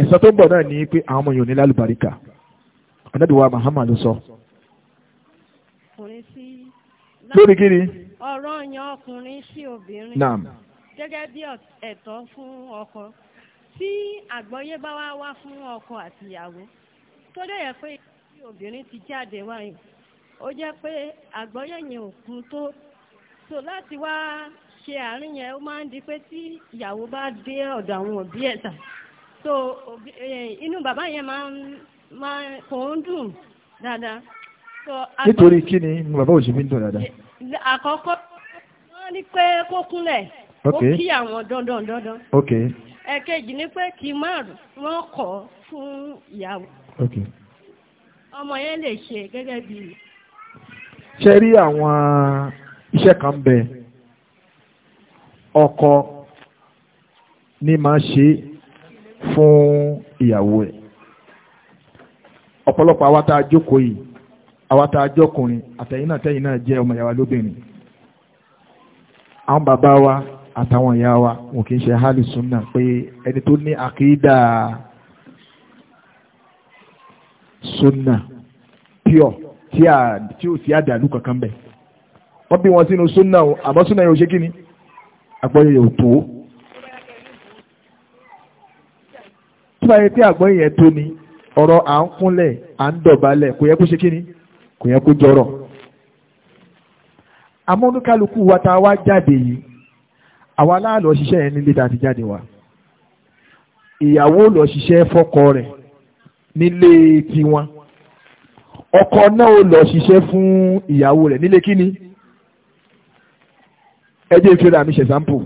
S2: ẹ̀san tó ń bọ̀ náà ní pé àwọn ọmọ yòó lálùbáríkà ọ̀nàdìwà Muhammadu sọ. lórí kiri.
S1: ọ̀rọ̀ yan ọkùnrin sí obìnrin.
S3: naam. gẹ́gẹ́ bí ẹ̀tọ́ fún ọkọ tí àgbọ́yé bá wá wá fún ọkọ àtìyàwó tó dẹ̀ yẹ pé obìnrin ti jáde wáyé ó jẹ́ pé àgbọ́yé yẹn ò tó so láti wá ṣe àárín yẹn ó máa ń di pé tí ìyàwó bá dé ọ̀dọ̀ àwọn òbí ẹ̀ tà so inú bàbá yẹn máa kò ń dùn dáadáa. nítorí
S2: ni bàbá òsì fi ń dùn dáadáa.
S3: àkọ́kọ́ wọ́n ní pé kó kúnlẹ̀ ó kí àwọn dandan dandan. ẹ̀kejì ni pé kí wọ́n kọ́ fún ìyàwó. ọmọ yẹn lè ṣe gẹ́gẹ́ bíi.
S2: ṣe rí àwọn iṣẹ́ kan bẹ ọkọ ní máa ṣe fún ìyàwó ẹ̀ ọ̀pọ̀lọpọ̀ àwa tá a jókòó yìí àwa tá a jọkùnrin àtẹ̀yìn náà tẹ̀yìn náà jẹ́ ọmọ ìyàwó lóbìnrin àwọn bàbá wa àtàwọn ìyá wa wọn kì í ṣe hálì súnà pé ẹni tó ní àkídà súnà pure tí ò sí àdàlù kankan bẹ̀ wọ́n bí wọn sínú súnà o àmọ́ súnà yóò ṣe kíni àgbọ̀yẹ̀ yóò tó tí wọ́n yẹ pé àgbọ̀yẹ̀ yẹn tó ni ọ̀rọ̀ à ń kúnlẹ̀ à ń dọ̀bálẹ̀ kò yẹ kó ṣe kíni kò yẹ kó jọrọ̀ àmọ́ oníkálukú wa tá a wá jáde yìí àwa aláàlọ́ ṣiṣẹ́ yẹn nílé tá a ti jáde wa ìyàwó lọ ṣiṣẹ́ fọ́kọ rẹ̀ nílé tiwọn ọkọ náà ó lọ ṣiṣẹ́ fún ìyàwó rẹ̀ nílé kíni ẹ jẹ́ ìfẹ́ rà mí ṣe sampo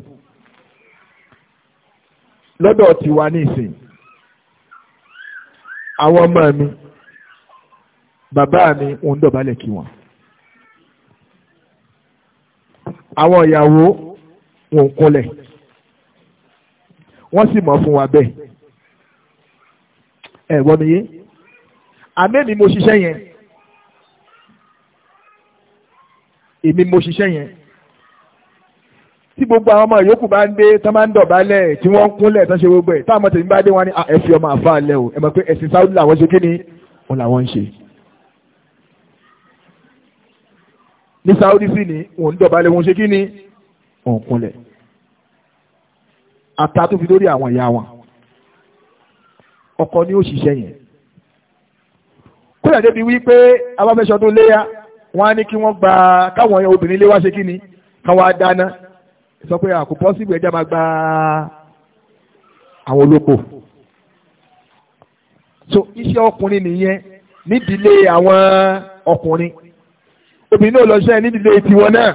S2: lọ́dọ̀ tiwa ní ìsìn àwọn ọmọ mi bàbá mi òun dọ̀bálẹ̀ kí wọn àwọn ìyàwó wọn kúnlẹ̀ wọ́n sì mọ̀ fún wa bẹ́ẹ̀ ẹ̀ wọ́n mi yé àmẹ́mi mo ṣiṣẹ́ yẹn èmi mo ṣiṣẹ́ yẹn tí gbogbo àwọn ọmọ ìyókù bá ń dé tán bá ń dọ̀bálẹ̀ tí wọ́n ń kúnlẹ̀ tán ṣe gbogbo ẹ̀ táwọn ọmọ tèmi bá dé wọn ni ah, ẹ fi ọmọ àfa alẹ́ o ẹ mọ̀ pé ẹ̀sìn sáúdì làwọn ṣe kí ni òun làwọn ń ṣe. ní sáúdì sì ni òun dọ̀bálẹ̀ òun ṣe kí ni òun kúnlẹ̀. ata tó fi lórí àwọn ìyá wọn ọkọ ni ó ṣiṣẹ́ yẹn. kúrẹ̀ débi wí pé abáfẹ́sọdún léyà wọ́n á ní kí wọ́n gba káwọn obìnrin ilé wá ṣe kí ni káwọn á dáná sọ pé àkó pọ́sibú ẹja máa gba àwọn olóko so iṣẹ́ ọkùnrin nìyẹn nídìílé àwọn ọkùnrin obìnrin náà lọ ṣe nídìílé tiwọn náà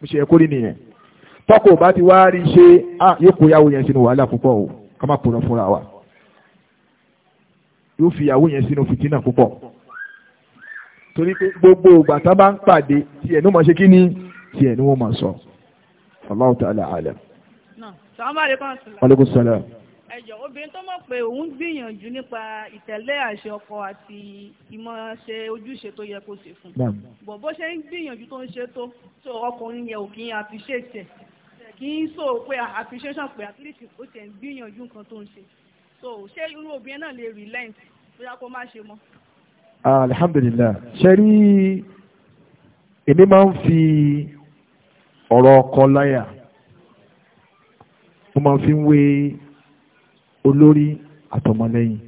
S2: mo ṣe ẹ̀kọ́ rí nìyẹn tọ́kọ̀ bá ti wá rí ṣe yóò kó yàwó yẹn sínú wàhálà púpọ̀ o ká má kóná fúnra wa yóò fi yàwó yẹn sínú fìtínà púpọ̀ torí pé gbogbo ìgbà tá bá ń pàdé tiẹ̀ ní wọ́n máa ṣe kí ni tiẹ̀ ní wọ́n máa sọ. Allahu ta'ala alam. Aleykum salaam.
S3: Ẹ̀jọ̀ obìnrin tó mọ̀ pé òun gbìyànjú nípa
S1: ìtẹ̀lé àṣẹ ọkọ àti ìmọ̀ọ́ṣe ojúṣe tó yẹ kó ṣe fún. Bọ̀ bó ṣe ń gbìyànjú tó ń ṣe tó tó ọkùnrin yẹn ò kí ń àfiṣèṣẹ̀ kì í sọ pé àfiṣẹ́ṣàn pé at least ó ti ń gbìyànjú nǹkan tó ń ṣe. So ṣé irú obìnrin náà lè
S3: relent bóyá kó má ṣe mọ́.
S2: alhamdulillah ṣẹ́rí èmi máa ń fi ọ̀rọ̀ ọkọ láyà mo máa fi ń wé olórí àtọmọlẹ́yìn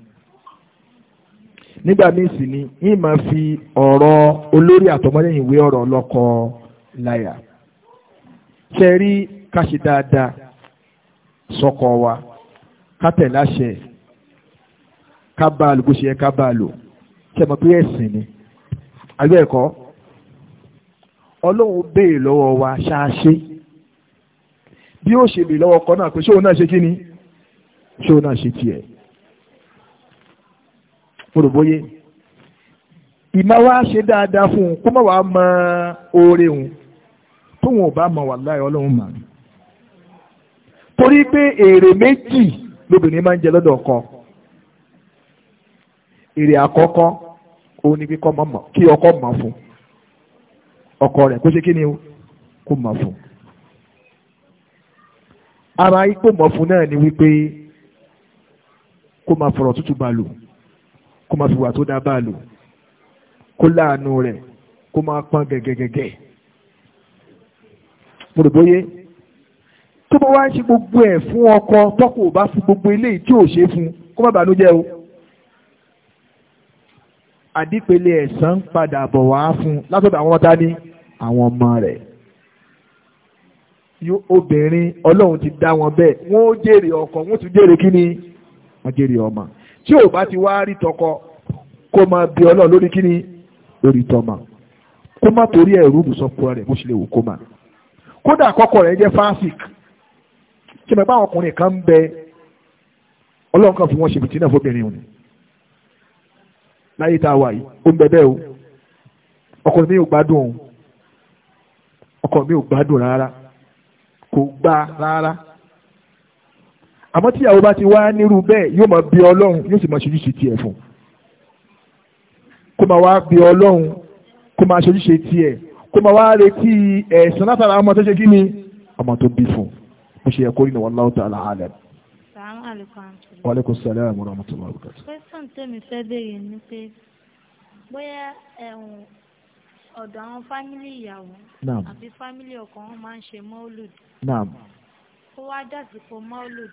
S2: nígbà míì sì ni yìí máa fi ọ̀rọ̀ olórí àtọmọlẹ́yìn wé ọ̀rọ̀ ọlọ́kọ láyà ṣẹ́rí ká ṣe dáadáa sọ́kọ wa ká tẹ̀láṣẹ ká bá a lò bó ṣe yẹ ká bá a lò. sẹ́mọ̀ pé ẹ̀sìn ni àgbẹ̀ ẹ̀kọ́ ọlọ́run béèrè lọ́wọ́ wa ṣáṣe bí ó ṣe lè lọ́wọ́ ọkọ náà pé ṣé òun náà ṣe kí ni ṣé òun náà ṣe tiẹ̀ mo rò bóyé ìmọ̀ wa ṣe dáadáa fún un kó má wàá mọ oore òun tóun ò bá mọ wàláhì ọlọ́run mọ̀ torí pé èrè méjì lóbìnrin máa ń jẹ lọ́dọ̀ ọkọ èrè àkọ́kọ́ ó ní kíkọ́ mọ̀ mọ̀ kí ọkọ mọ̀ fún ọkọ rẹ̀ kó ṣe kí ni kó mọ̀ fún. ara ipò mọ̀ fún náà ni wípé kó máa fọ̀rọ̀ tútù bá lò kó máa fìwà tó dáa bá lò kó láàánú rẹ̀ kó máa pọ́n gẹ́gẹ́gẹ́gẹ́. mo rò bóyé tó bá wá ń ṣe gbogbo ẹ̀ fún ọkọ tọ́kù ò bá fún gbogbo eléyìí tí ò ṣe fún kó má bàánú jẹ́ o àdípele ẹ̀san ń padà bọ̀ wá fún látọ̀dọ̀ àwọn ọmọ ní àwọn ọmọ rẹ̀ obìnrin ọlọ́run ti dá wọn bẹ́ẹ̀ wọ́n ó jèrè ọkọ wọ́n tún jèrè kí ni wọ́n jèrè ọmọ tí ò bá ti wá rí tọkọ kó máa bí ọlọ́run lórí kí ni lórí tọmọ kó má torí ẹ̀rú ìbùsọ̀kọ rẹ̀ bó ṣe lè wò kó má kódà àkọ́kọ́ rẹ̀ jẹ́ fásik kí mẹ́pà ọkùnrin kan ń bẹ ọlọ́run kan fún wọn ṣe fìtínà fóbìnrin òní láyé tá a wà yìí ó ń bẹ bẹ́ẹ̀ o ọkọ mi ò gbádùn òun ọkọ mi ò gbádùn rárá kò gbá rárá àmọ́ tíyàwó bá ti wá nírú bẹ́ẹ̀ yóò máa bí ọlọ́run yóò sì máa ṣojúṣe tiẹ̀ fún kó máa wá bí ọlọ́run kó máa ṣojúṣe tiẹ̀ kó máa wá retí ẹ̀sán látara ọmọ tó ṣe kí ni ọmọ tó bí fún bó ṣe yẹ kó rí ni wallahu
S4: Assalamu alaikum.
S2: Wa alaikum salaam wa rahmatullahi wa barakatuh.
S3: Question tèmi fẹ́ béèrè ni pé bóyá ẹ̀wọ̀n ọ̀dọ̀ àwọn fámílì ìyàwó àbí fámílì ọkọ wọn máa ń ṣe mọ́lùd. kó wá dàsìkò mọ́lùd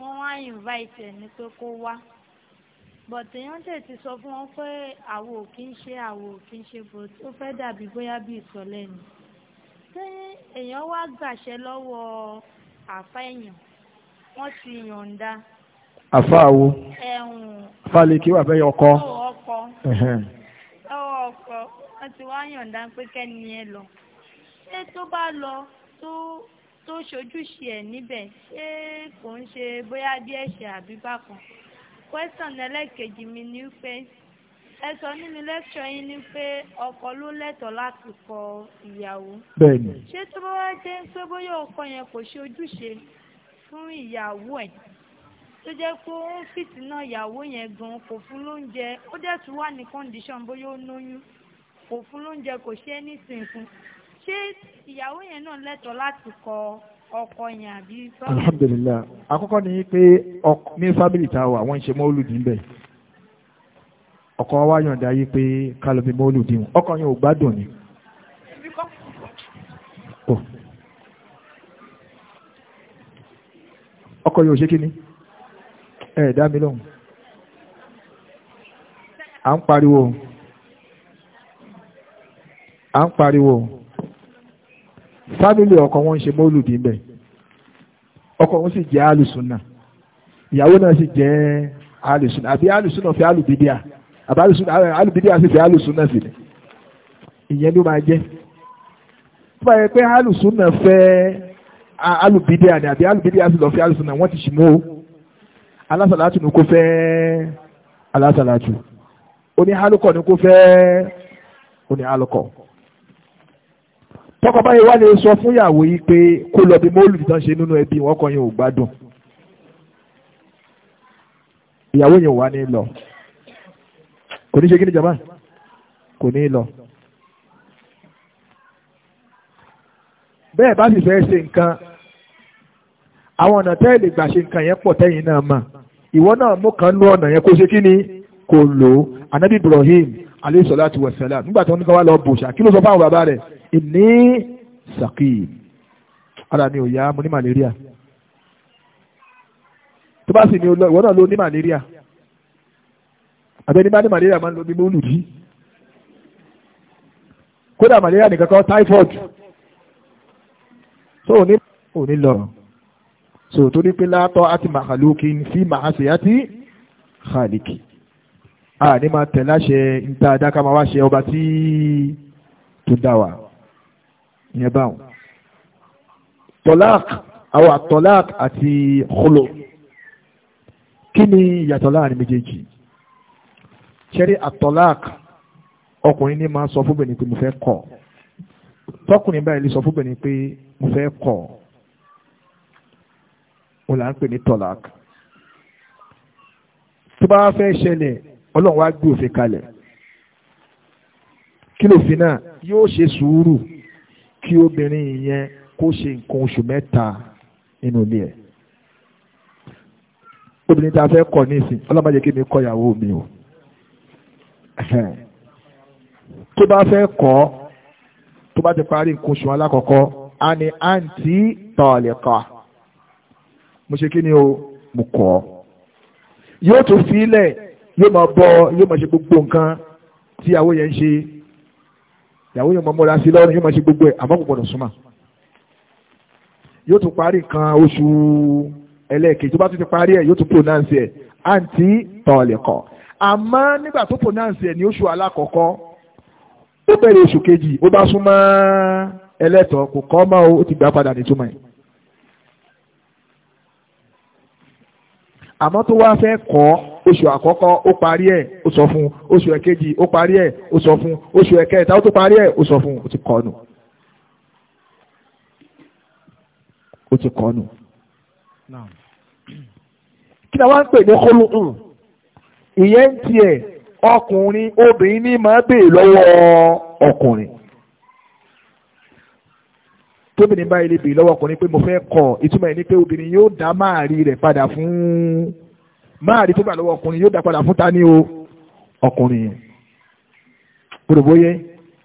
S3: wọ́n wá invite ẹ̀ ní pé kó wá bọ̀tẹ̀ yẹn tẹ̀ ti sọ fún wọn pé àwo kì í ṣe àwo kì í ṣe bọ̀tẹ̀ ó fẹ́ dàbí bóyá bí ìsọ̀lẹ̀ ni. ṣé èèyàn wá gbàṣẹ lọ́wọ́ àfẹ́yàn wọ́n ti yọ̀ǹda.
S2: àfáà wo àfáà lè kí wà fẹ́ yọ ọkọ. ọkọ
S3: ọkọ wọ́n ti wá yọ̀ǹda pé kẹ́ni ẹ lọ ṣé tó bá lọ tó tó ṣojúṣe ẹ̀ níbẹ̀ ṣé kò ń ṣe bóyá bí ẹ̀ṣẹ̀ àbí bákan kwẹ́sàn ẹlẹ́kejì mi ní pé ẹ sọ nínú lẹ́kṣọ̀ yín ni pé ọkọ ló lẹ́tọ̀ọ́ láti kọ ìyàwó. bẹ́ẹ̀ni. ṣé tó bá wá jẹ́ pé bóyá ọkọ yẹn kò ṣe ojúṣe fún ìyàwó ẹ̀ tó jẹ́ pé ó ń fìtínà ìyàwó yẹn gan kò fún lóúnjẹ ó dẹ̀ tún wà ní kọ́ndíṣọ̀n bóyá ó lóyún kò fún lóúnjẹ kò ṣe é nísìnyí fún ṣé ìyàwó yẹn náà lẹ́tọ̀ọ́ láti kọ ọkọ yẹn àbí. alhamdulillah
S2: àkọ́kọ́ ni pé ní fámìlì tá a wà wọ́n ń ṣe mọ́lùdì ń bẹ̀ ọkọ wa yọ̀ǹda yí pé kálọ̀ bí mọ́lùdì ọkọ yẹn ò gbádùn ni. ọkọ yóò ṣe kí ni ẹ dá mi lóhùn à ń pariwo à ń pariwo fámìlì ọkọ wọn ń ṣe mọ́lùdì ńbẹ ọkọ wọn sì jẹ́ alùsùnà ìyàwó náà sì jẹ́ alùsùnà àbí alùsùnà fi alùbídíà àbí alùbídíà sì fi alùsùnà sílẹ̀ ìyẹn ló máa jẹ́ tó bá alùsùnà fẹ́ẹ́ alùbídé àdé àbí alùbídé àti lọ́ọ́ fi alùsùn náà wọ́n ti ṣì o alásàlátù ni kò fẹ́ alásàlátù oní alùkọ̀ ni kò fẹ́ oní alùkọ̀ tọkọ báyìí wá lè sọ fún ìyàwó yìí pé kó lọ bí mọ́ọ̀lù tí wọ́n ṣe nínú ẹbí wọn kọ́ yẹn ò gbádùn ìyàwó yẹn wà ní lọ kò ní ṣe kí ni jàmbá kò ní lọ. bẹ́ẹ̀ bá sì fẹ́ ṣe nǹkan àwọn ọ̀nà tẹ́ lè gbà ṣe nǹkan yẹn pọ̀ tẹ́yìn náà mà ìwọ náà mú kan nú ọ̀nà yẹn kó ṣe kí ni kò lò ó anabi ibrahim alayhi salatu wa salam nígbà tó ní ká wá lọ bòṣà kí ló sọ fáwọn bàbá rẹ̀ ìní sakim ara mi ò yá mo ní malaria tó bá sì ní ìwọ náà ló ní malaria àbẹ́ni bá ní malaria máa ń lo mímú olùdí kódà malaria nìkan kan typhoid tó ò ní lọ́rùn so ni pé látọ́ àti màkàlókì sí màásì àti khàlìkì a ní máa tẹ̀ láṣẹ níta dáká máa wá ṣe ọba tí tó dá wa ìyẹn báwọn tọ́lák àwọn àtọ́lák àti khulu kí ni ìyàtọ̀ láàrin méjèèjì ṣẹ́rí àtọ́lák ọkùnrin ní máa sọ fúnbẹ̀ni pé mo fẹ́ kọ̀ tọkùnrin báyìí lè sọ fúnbẹ̀ni pé mo fẹ́ kọ̀ òun là ń pè ní tọ́lák tó bá fẹ́ ṣẹlẹ̀ ọlọ́run wá gbé òfin kalẹ̀ kí lòfin náà yóò ṣe sùúrù kí obìnrin yẹn kó ṣe nǹkan oṣù mẹ́ta nínú ilé ẹ̀ obìnrin tá a fẹ́ kọ̀ nísìn ọlọ́mọdé kí mi kọ ìyàwó mi o tó bá fẹ́ kọ́ tó bá ti parí nǹkan oṣù alákọ̀ọ́kọ́ a ní àǹtí tọ̀ọ̀lẹ̀kọ̀ọ́ mo ṣe kí ni o mo kọ̀ ọ́ yóò tó sílẹ̀ yóò máa bọ́ yóò máa ṣe gbogbo nǹkan tí ìyàwó yẹn ń ṣe ìyàwó yẹn máa múra sí lọ́rùn yóò máa ṣe gbogbo ẹ̀ àmọ́ kò gbọ́dọ̀ súnmọ́ yóò tún parí nǹkan oṣù ẹlẹ́ẹ̀kejì tó bá tún ti parí ẹ̀ yóò tún pronounce ẹ̀ àǹtí tọ̀ọ̀lẹ̀kọ̀ àmọ́ nígbà tó pronounce ẹ̀ ní oṣù alákọ̀ọ́kọ́ ó bẹ̀rẹ̀ oṣù kejì ó bá súnmọ́ ẹlẹ́tọ̀ọ́ kò kọ́ mọ́ ó ti gbà padà nítumọ̀ àmọ́ tó wá fẹ́ kọ́ oṣù àkọ́kọ́ ó parí ẹ̀ ó sọ fún oṣù ẹ̀kejì ó parí ẹ̀ ó sọ fún oṣù ẹ̀kẹta ó tó parí ẹ̀ ó sọ fún ó ti kọ́ nù. ó ti kọ́ nù. kí ni wọ́n ń pè ní kólóhùn ìyẹn ń tiẹ̀ ọkùnrin obìnrin ní máa bèè lọ́wọ́ ọkùnrin tóbìnrin báyìí lè bèè lọ́wọ́ ọkùnrin pé mo fẹ́ kọ̀ ìtumọ̀ ẹ̀ ni pé obìnrin yóò dá máàrí rẹ̀ padà fún máàrí tó gbà lọ́wọ́ ọkùnrin yóò dá padà fún ta ni o ọkùnrin yẹn gbọdọ̀ bóyá